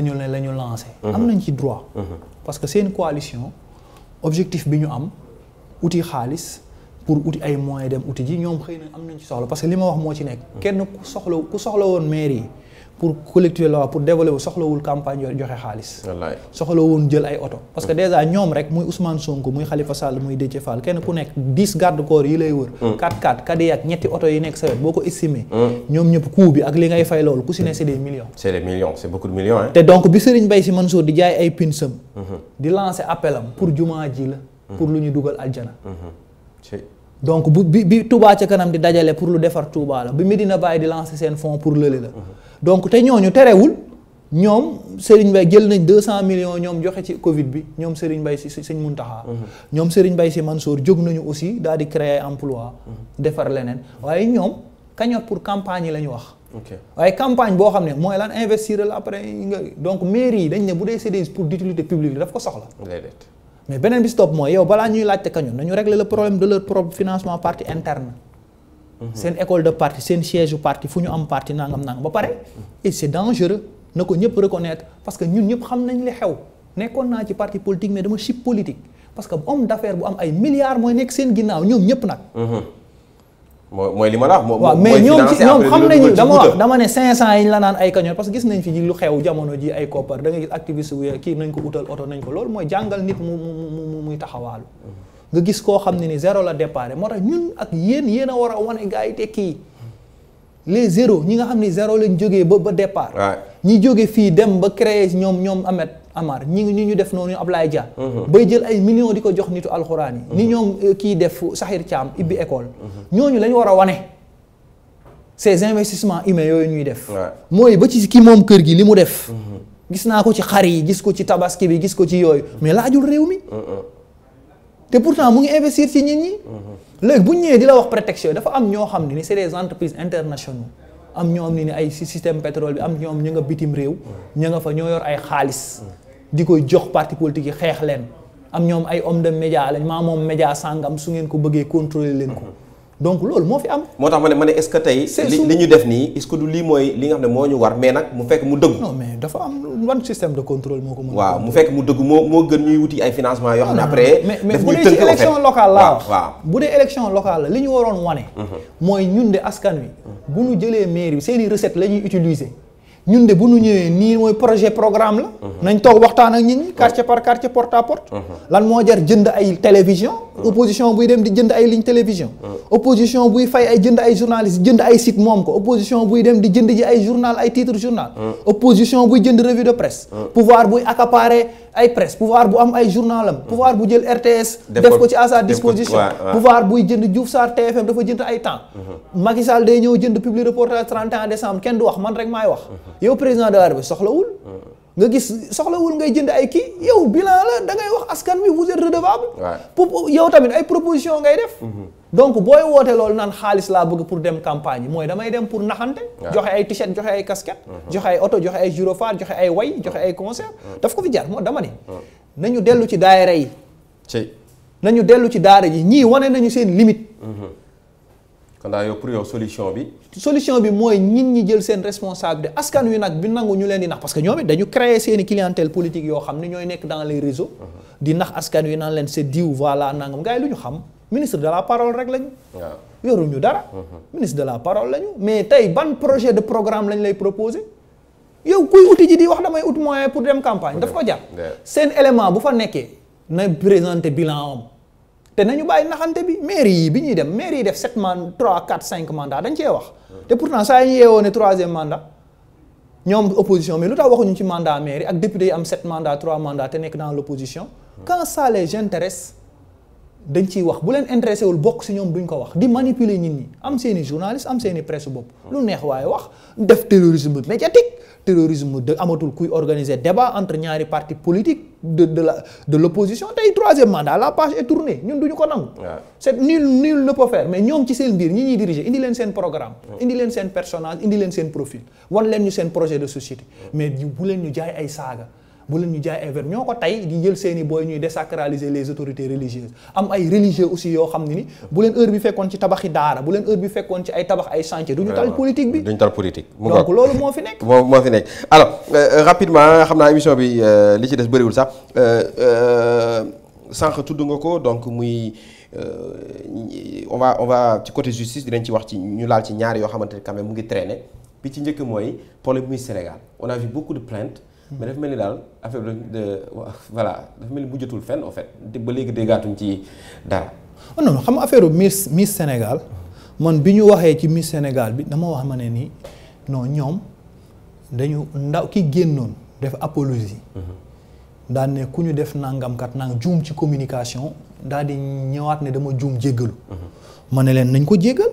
Nous avons lancé. Mhm. am nañ droit. Mhm. parce que c'est une coalition objectif bi am pour outil ay moyens dem outil ji parce que li ma wax moo ci nekk. Mhm. kenn ku ku pour collectivement pour développer soxlawul campagne joxe xaalis. wallaay soxlawoon jël ay oto. parce que déjà ñoom rek muy Ousmane Sonko muy Khalifa Sall muy Déthié Fall kenn ku nekk dix garde corps yi lay wër. 4-4 mm. Cadillac ñetti oto yi nekk sa wet boo ko estimé. Mm. ñoom ñëpp coût ak li ngay fay loolu ku si ne c'est des millions. c'est te donc bi Serigne Mbaye Sy Mansour di jaay ay pinsam. Mm-hmm. di lancer appel am pour jumaa ji la. Mm-hmm. pour lu ñu dugal aljana. Mm-hmm. donc di dajale pour lu defar Touba la donc te ñooñu terewul ñoom Serigne Mbaye jël nañ deux cent millions ñoom joxe ci Covid bi ñoom Serigne Mbaye si Serigne taxa mhm. ñoom Serigne bay si Mansour jóg nañu aussi daal di créer emploi mhm. defar leneen waaye ñoom cagnotte pour campagne yi la ñu wax waaye campagne boo xam ne mooy lan investir la après nga donc mairie yi dañ ne bu dee c'est pour d'utilité publique daf ko soxla mais beneen bi mooy yow balaa ñuy laajte cagnotte nañu régler le problème de leur propre Mhm. seen école de parti seen siège parti fu ñu am parti nangam nangam ba pare mhm. et c'est dangereux na ko ñëpp reconnaître parce que ñun ñëpp xam nañ li xew nekkoon naa ci parti politique mais dama chip politique parce que homme d'affaires bu am ay milliards mooy nekk seen ginnaaw ñoom ñëpp nag mhm. mooy li ma xam nañu dama wax dama ne 500 yi la naan ay kañoon parce que gis nañ fi lu xew jamono ji ay koppar da gis activiste wu kii nañ nga gis koo xam ne ni zéro la départ moo ñun ak yéen yéen a war a wane gars yi tekki yi les zéro ñi nga xam ni zéro lañ jógee ba ba départ. ñi jóge fii dem ba créer ñoom ñoom Ahmed Amar ñi ñu ñu def noonu Ablaye Dia. Mhm. bay jël ay millions di ko jox nitu alxuraan yi. ni mhm. ñoom euh, kii def Saxir Thiam ibbi mhm. école. ñooñu lañ war a wane. ces investissements humains yooyu ñuy def. mooy ba ci ki moom kër gi li mu def. gis naa ko ci xar yi gis ko ci tabaski bi gis ko ci yooyu mais laajul te pourtant mu ngi investir ci nit ñi. Mhm. léegi bu ñëwee di la wax prétexte dafa am ñoo xam ne ni c'est des entreprises internationales am ñoo xam ne ni ay système pétrole bi am ñoom ñu nga bitim réew. Mhm. ñu nga fa ñoo yor ay xaalis. Mhm. di koy jox parti politique yi xeex leen am ñoom ay homme de média lañ maa moom média sàngam su ngeen ko bëggee contrôler leen ko. donc loolu moo fi am. moo tax ma ne ma ne est-ce tey. li ñu def nii est lii mooy li nga xam ne moo ñu war mais nag mu fekk mu dëgg. non mais dafa am moo mu fekk mu dëgg moo moo gën ñuy wuti ay financement yoo xam ne après. daf ñuy tënk mais bu dee ci élection locale waaw bu dee élection locale la li ñu waroon wane. Mhm. mooy ñun de askan wi. bu ñu jëlee maire bi seen recette la ñuy utiliser ñun de bu ñu ñëwee nii mooy projet programme la. Mhm. nañ toog waxtaan ak nit ñi quartier par quartier porte à porte. Mhm. lan moo jar jënd ay télévision. opposition buy dem di jënd ay ligne télévision. opposition buy fay ay jënd ay journaliste jënd ay site moom ko opposition buy dem di jënd ji ay journal ay titre journal. opposition buy jënd revue de presse. pouvoir buy accaparer ay presse pouvoir bu am ay journal am. pouvoir bu jël RTS. def ko ci à sa disposition. pouvoir buy jënd Diouf Sarr TFM dafa jënd ay temps. Mhm. Macky Sall day ñëw jënd publi reportage 31 décembre kenn du wax man rek wax. yow président de la République soxlawul. Hmm. nga gis soxlawul ngay jënd ay kii yow bilan la da ngay wax askan wi vous êtes redevable. pour yow tamit ay proposition ngay def. Hmm. donc booy woote loolu naan xaalis laa bëgg pour dem campagne mooy damay dem pour naxante. joxe ay t-shirt joxe ay casquette. Hmm. joxe ay oto joxe ay gyrophare joxe ay way joxe ay concert. daf ko fi jaar moo dama ne nañu dellu ci daayira yi. nañu dellu ci daara ji ñii wane nañu seen limite. kandaa yow pour yow solution bi. solution bi mooy nit ñi jël seen responsabilité askan wi nag bi nangu ñu leen di nax parce que ñoom it dañu créer seeni clientèle politique yoo xam ne ñooy nekk dans les réseaux. Uh-huh. di nax askan wi naan leen c'est diw voilà nangam gars lu ñu xam ministre de la parole rek lañu. waaw ñu dara. Uh-huh. ministre de la parole lañu mais tey ban projet de programme lañ lay proposer. yow kuy uti ji di wax damay ut moyen pour dem campagne daf ko jàpp. seen élément bu fa nekkee na présenter bilan am. te nañu bàyyi naxante bi mairie yi bi ñuy dem mairie yi def sept man trois quatre cinq mandat dañ cee wax te pourtant saa ñu yeewoo ne troisième mandat ñoom opposition mais lu tax waxuñu ci mandat mairie ak député yi am sept mandat trois mandat te nekk dans l'opposition quand ça les intéresse dañ ci wax bu leen intéressé wul bokk si ñoom duñ ko wax di manipuler nit ñi am seen i journaliste am seen i bopp lu neex waaye wax def a médiatique terrorisme de amatul kuy des débat entre les partis politiques de de la de l'opposition troisième mandat la page est tournée ñun sommes ko pas c'est nul nul ne peut faire mais nous, ci nous dirigeons, ñi ñuy diriger indi un programme indi personnage indi profil wan projet de société mais nous nous ñu jaay ay saga. bu leen ñu jaay ay ñoo ko tey di jël seeni booy ñuy désacraliser les autorités religieuses am ay religieux aussi yoo xam ne ni bu leen heure bi fekkoon ci tabaxi daara bu leen heure bi fekkoon ci ay tabax ay chantier duñu tal politique bi duñu tal politique donc loolu moo fi nekk moo moo fi nekk euh, euh, xam naa émission bi euh, li ci des bëriwul sax sànq tudd nga ko donc muy on va on va ci côté justice dinañ wax ci ñu laal ci ñaar yoo xamante ne quand même mu ngi traîner bi ci njëkk mooy problème Sénégal on a vu beaucoup de plaintes mais dafa mel ni daal affaire de voilà dafa mel ni mujjatul fenn en fait ba léegi déggaatuñ ci dara. Oh non xam nga affaire Miss Miss Sénégal man bi ñu waxee ci Miss Sénégal bi dama wax ma ne nii non ñoom dañu ndaw ki génnoon def apologie. Mm-hmm. daan ne ku ñu def nangamkat nang juum ci communication daal di ñëwaat ne dama juum jéggalu. Mm-hmm. ma ne leen nañ ko jéggal.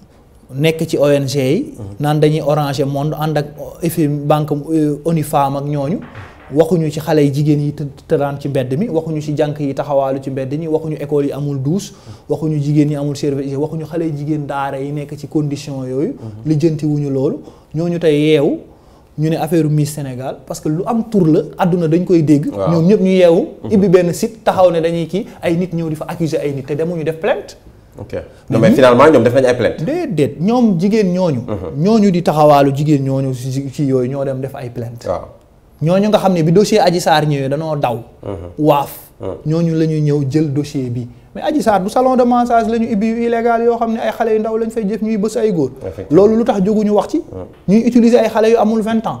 nekk ci ONG yi. naan dañuy Orange Monde ànd ak FM banque ONU Femmes ak ñooñu. waxuñu ci xale yi jigéen yi tëraan ci mbedd mi waxuñu ci jànk yi taxawaalu ci mbedd mi waxuñu école yi amul douche waxuñu jigéen yi amul service waxuñu xale yi jigéen daara yi nekk ci condition yooyu lijjanti wuñu loolu ñooñu tey yeewu ñu ne affaire Miss Sénégal parce que lu am tur la àdduna dañ koy dégg ñoom ñëpp ñu yeewu mhm. ibbi benn site taxaw ne dañuy kii ay nit ñëw di fa accuser ay nit te demuñu def plainte ok non mais finalement ñoom def nañ ay plainte. déedéet ñoom jigéen ñooñu. Mhm. ñooñu di taxawaalu jigéen ñooñu si ci yooyu ñoo dem def ay plainte. waaw ñooñu nga xam ne bi dossier Adji Sarr ñëwee dañoo daw. Mhm. waaf. Mhm. ñooñu la ñuy ñëw jël dossier bi mais Adji Sarr du salon de massage la ñu ibbi yu illégal yoo xam ne ay xale yu ndaw lañ fay jëf ñuy bës ay góor. loolu lu tax jóguñu wax ci. ñuy utiliser ay xale yu amul vingt ans.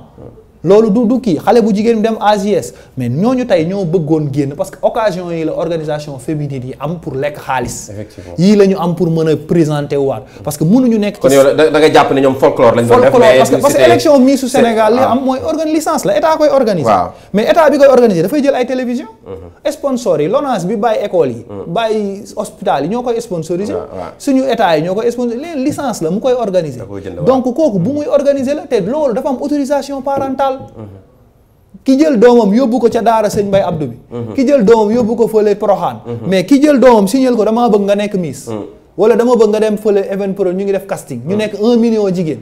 loolu du du kii xale bu jigéen bi dem AGS mais ñoo ñooñu tey ñoo bëggoon génn parce que occasion yi la organisation féminine yi am pour lekk xaalis. yii la ñu am pour mën a présenter waat. parce que ñu nekk ci. kon yow da nga jàpp ne ñoom folklore lañ doon def parce que parce que élection mi su Sénégal ah. am mooy licence la état koy organiser. mais état bi koy organiser dafay jël ay télévision. Mhm. sponsor yi LONASE bi bàyyi école yi. Mhm. bàyyi hôpital yi ñoo koy su ah, suñu état yi ñoo koy sponsoriser licence la mu koy organiser. donc kooku bu muy la te loolu dal ki jël doomam yóbbu ko ca daara sëñ Mbay Abdu bi mhm. ki jël doomam yóbbu ko fële Proxaan mhm. mais ki jël doomam signal ko damaa bëgg nga nekk miis mhm. wala dama bëgg nga dem fële event pro ñu ngi def casting ñu nekk un million jigéen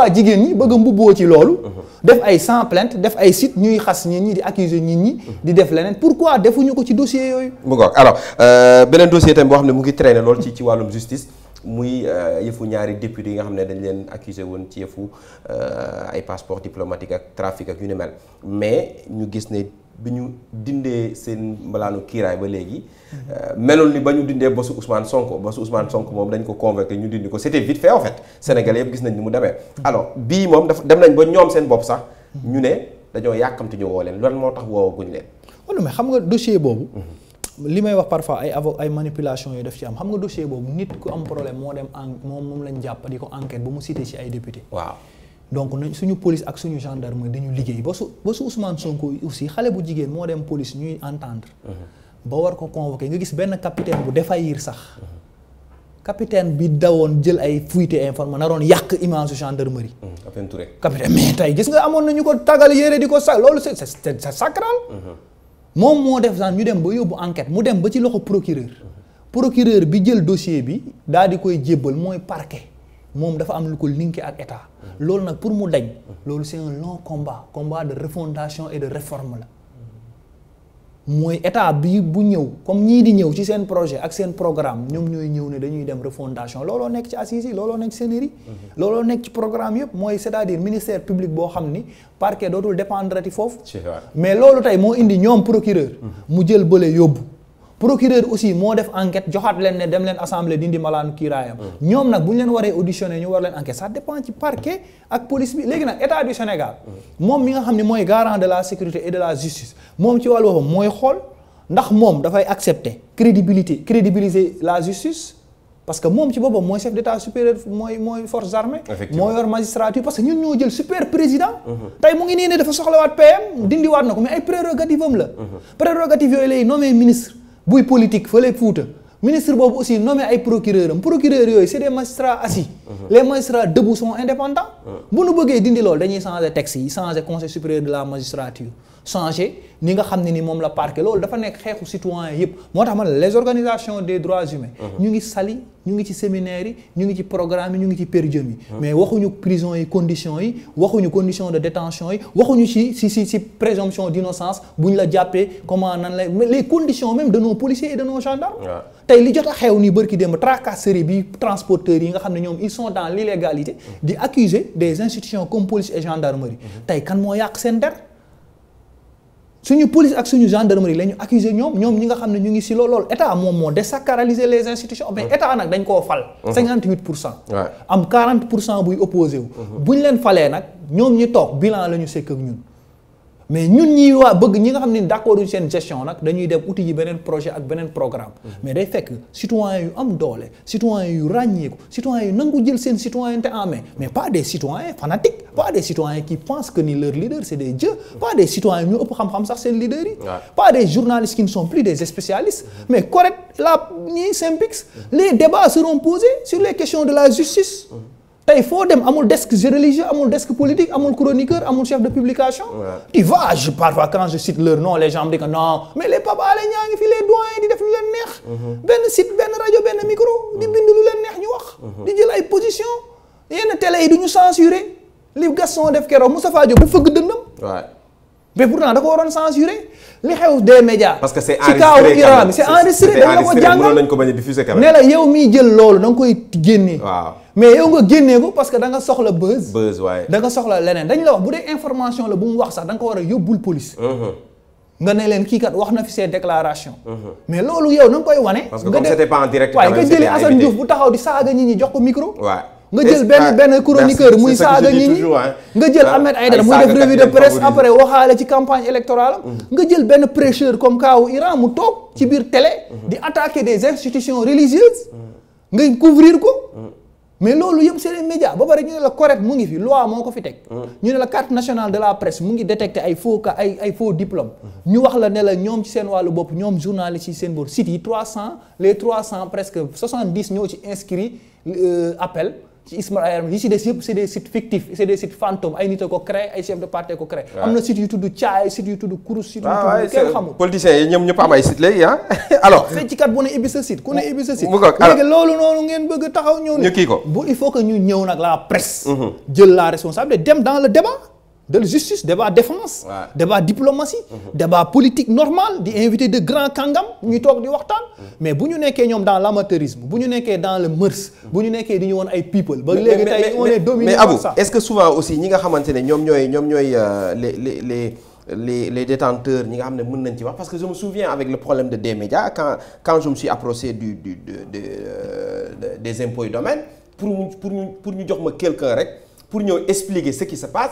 fois jigéen ñi bëgg a mbubboo ci loolu def ay sans plainte def ay site ñuy xas nit ñi di accuser nit ñi di def leneen pourquoi defuñu ko ci dossier yooyu mu ngoog alors euh, beneen dossier tamit boo xam ne mu ngi traîner lool ci ci wàllum justice muy euh, yëfu ñaari député yi nga xam ne dañ leen accusé woon ci yëfu euh, ay passeport diplomatique ak trafic ak yu ni mel mais ñu gis ne bi ñu dindee seen mbalaanu kiiraay ba léegi. Euh, melul ni ba ñu dindee bosu Ousmane Sonko bosu Ousmane Sonko moom dañ ko convaincre ñu dindi ko c'était vite fait en fait sénégalais yëpp gis nañ ni mu demee. alors bii moom dafa dem nañ ba ñoom seen bopp sax ñu ne dañoo yàkkamti ñu woo leen loolu moo tax woowaguñ leen. wala oh xam nga dossier boobu. Mhm. li may wax parfois ay avo ay manipulation yu def ci am xam nga dossier boobu nit ku am problème moo dem en moom lañ jàpp ko enquête ba mu cité ci ay député waaw. donc nañ suñu police ak suñu gendarmerie dañu liggéey ba su ba su Ousmane Sonko aussi xale bu jigéen moo dem police ñuy entendre. Mhm. ba war ko convoqué nga gis benn capitaine bu défaillir sax. capitaine bi dawoon jël ay fuite informe naroon yàq image gendarmerie. Mhm, capitaine Touré. capitaine mais tey gis nga amoon na ñu ko tagal yére di ko sax loolu c'est sa sacral. Mhm. moom moo def sax ñu dem ba yóbbu enquête mu dem ba ci loxo procureur. procureur bi jël dossier bi daal di koy jébbal mooy parquet. mom dafa am lu ko linké ak état loolu nak pour mu dañ loolu c'est un long combat combat de refondation et de réforme la moy état bi bu ñew comme ñi di ñew ci sen projet ak sen programme ñoom ñoy ñew ne dañuy dem refondation looloo nekk ci assises yi looloo nekk ci CNRI mhm. looloo nekk ci programme yëpp moy c'est-à-dire ministère public bo xamni ni parquet dootul dépendre ci mais loolu tay mo indi ñom procureur mhm. mu jël bële yóbbu procureur aussi moo def enquête joxaat leen ne dem leen assemblée dindi malaanu kiiraayam ñoom nag bu ñu leen waree auditionné ñu war leen enquête ça dépend ci parquet ak police bi léegi nag état du Sénégal moom mi nga xam ne mooy garant de la sécurité et de la justice moom ci wàllu boppam mooy xool ndax moom dafay accepter crédibilité crédibiliser la justice parce que moom ci boppam mooy chef d'état supérieur mooy mooy forces armées moo magistrature que ñun ñoo jël super président tey mu ngi nii ne buy politique fële Fuuta ministre boobu aussi nommé ay procureur am procureur yooyu c' est des magistrats assis. Uh-huh. les magistrats debout sont indépendants. Uh-huh. bu nu bëggee dindi loolu dañuy changer texte yi changer conseil supérieur de la magistrature. changer ni nga xamni ni mom la parquet lolou dafa nek xeexu citoyen yëpp motax man les organisations des droits humains mhm. ñu ngi sali ñu ngi ci séminaire yi ñu ngi ci programme ñu ngi ci perjëm yi mhm. mais waxuñu prison yi conditions yi waxuñu conditions de détention yi waxuñu ci ci ci présomption d'innocence buñ la jappé comment nan lay les conditions même de nos policiers et de nos gendarmes tay li jotta a xew nii bërki démb tracasserie bi transporteurs yi nga xamni ñom ils sont dans l'illégalité mhm. di accuser des institutions comme police et gendarmerie tay kan mo yàq sen der suñu police ak suñu gendarmerie la ñu accuser ñoom ñoom ñi nga xam ne ñu ngi si lool lool état moom moo désacraliser les institutions mais état nag dañ koo fal. 58 pour cent. am 40 pour cent buy opposé bu ñu leen falee nag ñoom ñi toog bilan la ñu sekk ak ñun. mais nous, ñi wa bëgg ñi nga xam d'accord yu seen gestion nag dañuy dem outil yi beneen projet ak beneen programme mhm. mais day fekk citoyen yu am doole citoyen yu ràññeeku citoyen yu nangu jël seen citoyenneté en main mais pas des citoyens fanatiques pas des citoyens qui pensent que ni leur leader c'est des dieux mhm. pas des citoyens qui ëpp xam-xam sax c'est leaders yi pas des journalistes qui ne sont plus des spécialistes mhm. mais correct la ñi les débats seront posés sur les questions de la justice tay foo dem amul desk religieux amul desk politique amul chroniqueur amul chef de publication. tu vas je parfois quand je cite leur nom les gens me disent que non mais les papa les ñaa fi les doyens di def lu leen neex. ben site ben radio ben micro. di mhm. bind lu leen neex ñu wax. Mhm. di jël ay position yene télé yi du ñu censuré li Gaston def kéro Moustapha Diop bu feug dëndam. waaw mais pourtant da ko waroon censuré li xew des médias. parce que c'est enregistré ci c'est enregistré. dañ la ko jàngal ko bañ diffuser quand même. ne la yow mi jël lolu da koy génnee. waaw. mais yow nga génnee ko parce que da nga soxla buzz. buzz waaye da nga soxla leneen dañ la wax bu dee information la bu mu wax sax da ko war a yóbbul police. Mhm. nga ne leen kii kat wax na fi see déclarations. Mhm. mais loolu yow na nga koy wane. parce que comme c'était pas en direct. waaye nga jëli Assane Diouf bu taxaw di saaga nit ñi jox ko micro. nga jël benn ah, benn chroniqueur muy saaga nit ñi nga jël ah, Ahmed Aïdara muy def revue de presse après waxaale ci campagne électorale mhm. nga jël benn prêcheur comme kaawu Iran mu toog ci biir télé. di attaquer des institutions religieuses. ngay couvrir ko. mais loolu yëpp c'est les médias ba pare ñu ne la correct mu ngi fi loi moo ko fi hum. ñu la carte nationale de la presse mu ngi détecté ay faux cas ay ay faux diplôme. ñu wax la ne la ñoom ci seen wàllu bopp ñoom journalistes yi seen bopp 300 les 300 presque 70 ñoo ci inscrit euh, appel. ci Ismaïla Madior yi ci des yëpp c' est des sites fictifs c' des sites fantômes ay nit a ko créé ay chef de parti ko créé. am na sites yu tudd Thiaay sites yu tudd Kourous. sites yu ah, tudd kenn xamul politiciens yi ñoom ñëpp am ay sites léegi ah. feccikat bu ne ibbi sa site ku ne ibbi sa site. mu ko loolu noonu ngeen bëgg taxaw ñëw. ñu kii ko bu il faut que ñu ñëw nag la presse. Mhm. jël la responsabilité dem dans le débat. de la justice débat défense. débat diplomatie. Mhm. débat politique normal d'inviter de grands kangams, ñuy toog di waxtaan. Mhm. mais si ñu nekkee dans l'amateurisme, mhm. si bu ñu dans le mœurs. si ñu nekkee dans les « people. on est dominé par ça mais Abou est ce que souvent aussi ñi nga euh, les les les. les détenteurs ñi nga parce que je me souviens avec le problème de des médias, quand quand je me suis approché du du de, de, des impôts et domaines pour pour ñu pour ñu jox quelqu'un pour nous expliquer ce qui se passe.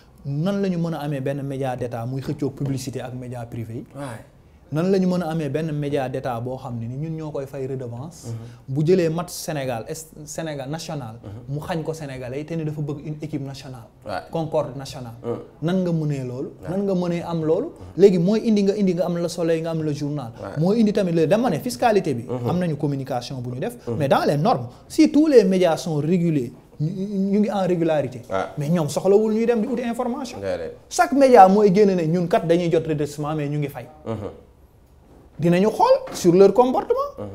nan la privés. amé ben média d'état muy xëccio publicité ak média privé privés nan lañu mëna amé ben média d'état bo xamni ni ñun fay redevance mhm. match Sénégal Sénégal national mhm. mu xañ ko Sénégalais té ni dafa bëgg une équipe nationale concorde nationale nan nga mëné lool nan nga mëné am lool légui moy indi nga le soleil nga le journal moy indi tamit dama fiscalité bi mhm. am nañu communication bu ñu def mais dans les normes si tous les médias sont régulés ñu ngi en régularité. mais ñoom soxlawul ñuy dem di uti information. chaque média mooy génn ne ñun kat dañuy jot redressement mais ñu ngi fay. Mhm. dinañu xool sur leur comportement. Mhm.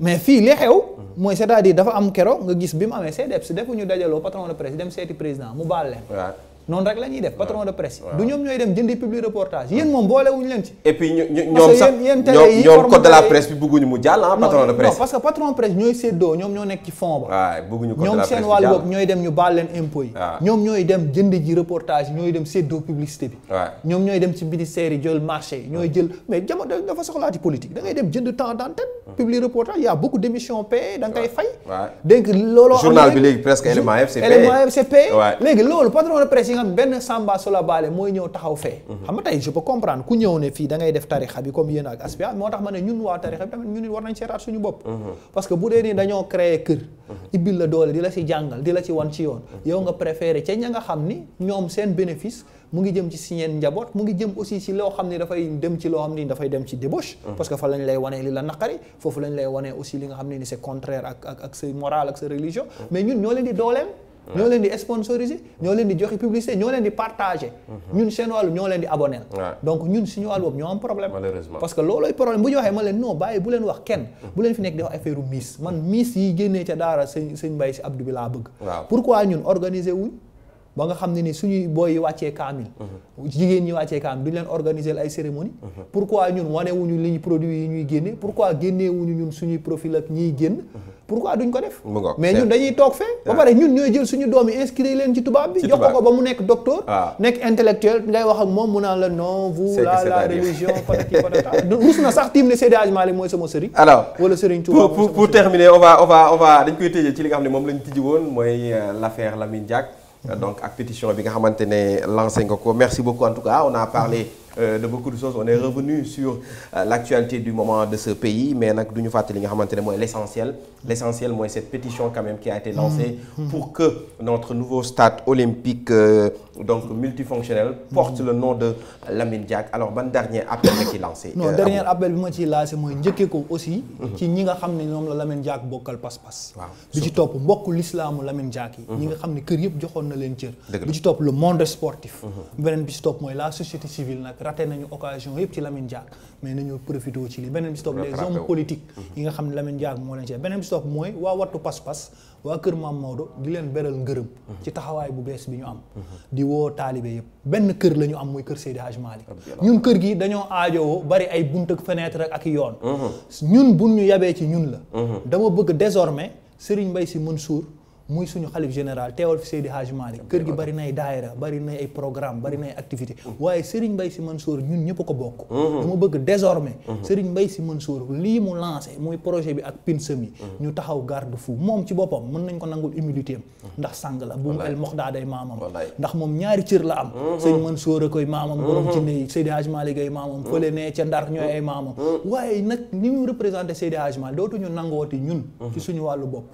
mais fii li xew. mooy c'est-à-dire dafa am kero nga gis bi mu amee CDEPS ñu dajaloo patron de presse dem seeti président mu baal leen. non rek la ñuy def patron de presse du ñom ñoy dem jëndi public reportage yéen moom boolewuñu leen ci. et puis ñom sax yéen télé yi code de la presse bi bëgguñu mu jall hein patron de presse non parce que patron presse ñooy séddoo ñom ñoo nekk ci fond ba bëgguñu code de la presse ñoom seen wàll boobu ñooy dem ñu baal leen impôt yi ñoom ñooy dem jëndi ji reportage ñoy dem séddoo publicité bi ñom ñoy dem ci ministère yi jël marché ñoy jël mais jamono dafa soxlaati politique da ngay dem jënd temps d'antenne public reportage il y a beaucoup d'émissions payées da ngay fay donc lolo journal bi légui presque LMAF c'est payé légui lolo patron de presse si nga benn Samba Sulabaale mooy ñëw taxaw fee. Mhm. xam nga tey je comprendre ku ñëw ne fii da ngay def tarixa bi comme yéen ak aspia moo tax ma ne ñun waa tarixa bi tamit ñun war nañ mhm. mhm. doole di la jàngal di la si wan ci yoon. yow nga préféré ca ña nga xam ni ñoom seen bénéfice. mu ngi jëm ci si ñeen njaboot mu ngi jëm aussi si loo xam ne dafay dem ci loo xam ni dafay dem ci débauche. parce que fa lañ lay wanee li la naqari foofu lañ lay wanee aussi li nga xam ne ni c'est contraire ak ak morale ak sa religion mais ñun ñoo leen di ñoo leen di sponsoriser ñoo leen di joxe publicité ñoo leen di partager mhm. ñun seen wàllu ñoo leen di aboneel donc ñun suñu wàllu boobu ñoo am problème malheureusement parce que loolooy problème bu ñu waxee ma leen non bàyyi bu leen wax kenn mhm. bu leen fi nekk di wax affaire u miis man miis yi génnee ca daara sëñ sëñ Mbaye si Abdou bi laa bëgg pourquoi ñun organiser wuñ ba nga xam ne ni suñuy booy yi wàccee kaamil jigéen ñi wàccee kaamil duñ leen organiser ay cérémonie pourquoi ñun wanewuñu li ñu produit yi ñuy génne pourquoi génneewuñu ñun suñuy profil ak ñiy génn pourquoi duñ ko def mais ñun dañuy toog fee ba pare ñun ñooy jël suñu doom yi inscrire leen ci tubaab bi jox ko ba mu nekk docteur ah. nekk intellectuel ngay wax ak moom mu naan la non vous la la religion patati patata rus na sax tiim ne Seydi Hadji Malick mooy sama sëriñ alors wala sëriñ Touba pour pour terminer on va on va on va dañ koy tëjee ci li nga xam ne moom lañ tijji woon mooy euh, l'affaire Lamine Diack donc à pétition bi nga xamante ne merci beaucoup en tout cas on a parlé. Euh, de beaucoup de choses on est revenu sur euh, l'actualité du moment de ce pays mais on du ñu fàtte li nga l'essentiel l'essentiel c'est cette pétition quand même qui a été lancée mm, mm. pour que notre nouveau stade olympique euh, donc multifonctionnel mm. porte le nom de Lamine Diak. alors ban dernier appel qui lancé non dernier appel moi, ma là. lancé moi qui ko aussi mm-hmm. ci ñi nga xam ne la Lamine Diak Bokal pas-pas bi ci topp mbokk l'islaamu Lamine Diak, yi ñi nga mm-hmm. xam ne kër qu'on joxoon na leen ci le monde sportif mm-hmm. bi la société civile raté nañu occasion yëpp ci Lamine Diack mais nañoo profité ci li beneen bi si topp les hommes politiques mm-hmm. yi nga xam ne Lamine Diack moo leen ci beneen bi si topp mooy waa wattu pas-pas waa kër Maam Maodo di leen beral ngërëm mm-hmm. ci taxawaay bu bees bi ñu am mm-hmm. di woo taalibe yëpp benn kër la ñu am muy kër Seydi Hadj Malick ñun kër gi dañoo aajowoo bari ay bunt ak fenêtre ak yoon ñun bu ñu yabee ci ñun la dama bëgg désormais Serigne si Sy suur muy suñu xalif général teewal fi Seydi Hadj kër gi bari na ay daayira bari na ay programme bari na ay activité waaye mbay si man Mansour ñun ñëpp ko bokk mhm. dama bëgg désormais mhm. Serigne Mbaye Sy Mansour lii mu lancé muy projet bi ak pinsam yi mhm. ñu taxaw garde fou moom ci boppam mën nañ ko nangul humilité ndax sàng la mu el mox daa ndax moom ñaari cër la am sëñ Mansour a koy maamam borom ci ne Seydi Hadj Malick maamam fële ne ca Ndar ñooy ay maamam waaye nag ni mu représenté Seydi Hadj Malick dootuñu nangooti ñun ci suñu wàllu bopp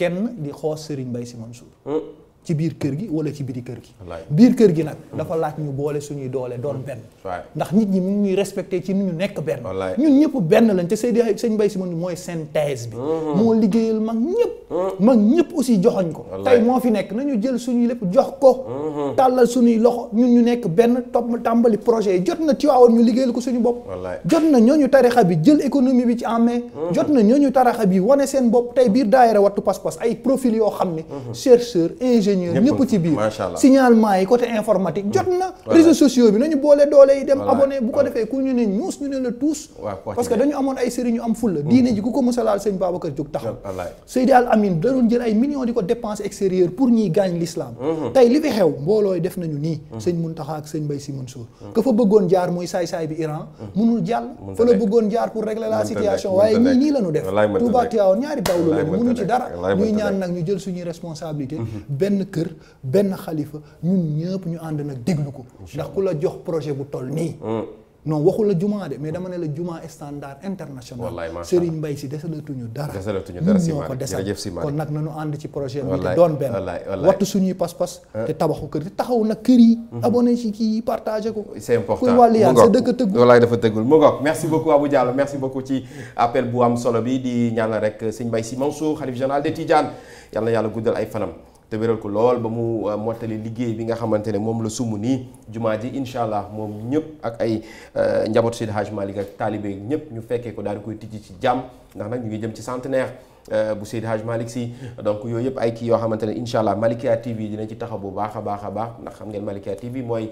kenn di xoos Serigne Baye Sy Mansour hmm. ci biir kër gi wala ci biti kër gi biir kër gi nag hmm. dafa laaj ñu boole suñuy doole doon benn ndax nit ñi mu ngi ñuy respecté ci ñu nekk benn ñun ñëpp benn lañ te Seydi Sëñ Mbaye Sy Mansour mooy synthèse bi hmm. moo liggéeyal mag ñëpp hmm. mag ñëpp aussi joxoñ ko moo fi nekk nañu jël suñuy lépp jox ko tàllal suñuy loxo ñun ñu nekk benn topp tàmbali projet yi jot na Tiwaawoon ñu liggéeyal ko suñu bopp jot na ñoo ñooñu tarixa bi jël économie bi ci en main jot na ñooñu tarixa bi wane seen bopp tey biir daayira wattu pas-pas ay profil yoo xam ne chercheur ingénieur ingénieur ñëpp signalement yi côté informatique jot na réseaux sociaux bi nañu boole doole yi dem abonné bu ko defee ku ñu ne ñuus ñu ne la tuus parce que dañu amoon ay sëriñ am fulla mm. diine ji ku ko mosalaal sëñ Babacar jóg taxaw Seydi Al Amin da jël ay millions di ko dépense extérieure pour ñiy gaañ l'islam mm-hmm. tey li fi xew mboolooy def nañu nii mm. sëñ Muntaxa ak sëñ Bay Si Mansour mm. ka fa bëggoon jaar mooy saay-saay bi Iran mënul jàll fa la bëggoon jaar pour kër benn xalifa ñun ñëpp ñu ànd nag déglu ko ndax ku la jox projet bu toll nii hmm. non waxul la jumaa de mais dama ne la jumaa standard international Serigne Mbaye si desalatuñu dara ñun ñoo ko desal kon nag nañu ànd ci projet bi te doon benn wattu suñuy pas-pas hmm. te tabaxu kër te taxaw nag kër yi hmm. abonné ci kii partagé ko c'est important kuy wàllu yaan sa dëkk tëggul wallaay dafa tëggul mu ngoog merci beaucoup Abou Diallo merci beaucoup ci appel bu am solo bi di ñaanal rek Serigne Mbaye Sy Mansour xalif général de Tidiane yàlla yàlla guddal ay fanam te wéral ko lool ba mu euh, mottali liggéey bi nga xamante ne moom la summ nii jumaa ji incha allah moom ñëpp ak ay euh, njabootu Seydi Hadj Malick ak taalibe ñëpp ñu fekkee ko daal di koy tijji ci jàmm ndax nag ñu ngi jëm ci centenaire euh, bu Seydi Hadj Malick si donc yooyu yëpp ay kii yoo xamante ne incha allah Malikia TV dinañ ci taxaw bu baax a baax a baax ndax xam ngeen Malikia TV mooy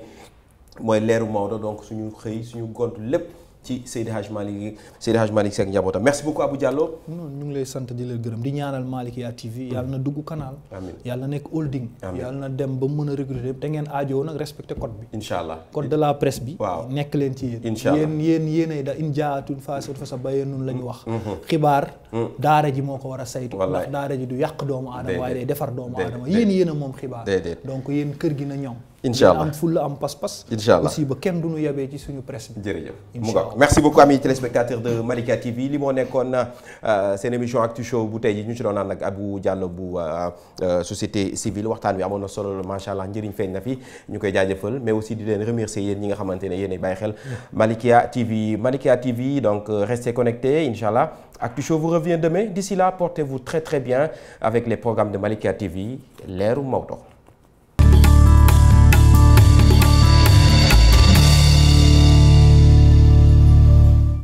mooy leeru Maodo donc suñu xëy suñu gont lépp. ci Seydi Hadj Malick Seydi Hadj Malick Seck njabootam merci beaucoup Abou Diallo. non ñu ngi lay sant di leen gërëm di ñaanal malik Malikia TV yàlla na dugg canal. yàlla nekk holding. amiin yàlla na dem ba mun a recruter te ngeen aajoo nag respecté code bi. incha allah code de la presse bi. waaw nekk leen ci yéen. incha allah yéen yéen yéenay da in jaatun faasatun fatabayyanu la ñu wax. Mm-hmm. Mm-hmm. xibaar. Mm-hmm. daara ji moo ko war a saytu. ndax daara ji du yàq doomu aadama waaye day defar doomu aadama yéen yéen moom xibaar donc yéen kër gi na ñoom inshallah am fulla am pass pass incha aussi ba kenn du ñu yabee ci suñu presse bi. jërëjëf merci beaucoup amis téléspectateurs de Malika TV li mo moo nekkoon euh, seen émission Actu Show bu tay ji ñu ci doon nak nag Abou Diallo bu euh, euh société civile waxtaan bi amono solo ma sha allah njëriñ feñ na fi ñukay koy mais aussi di leen remercier yéen ñi nga xamante ne yéenay bàyyi xel Malika TV Malika TV donc euh, restez connectés inshallah Actu Show vous revient demain d'ici là portez-vous très très bien avec les programmes de Malika TV leeru Maodo.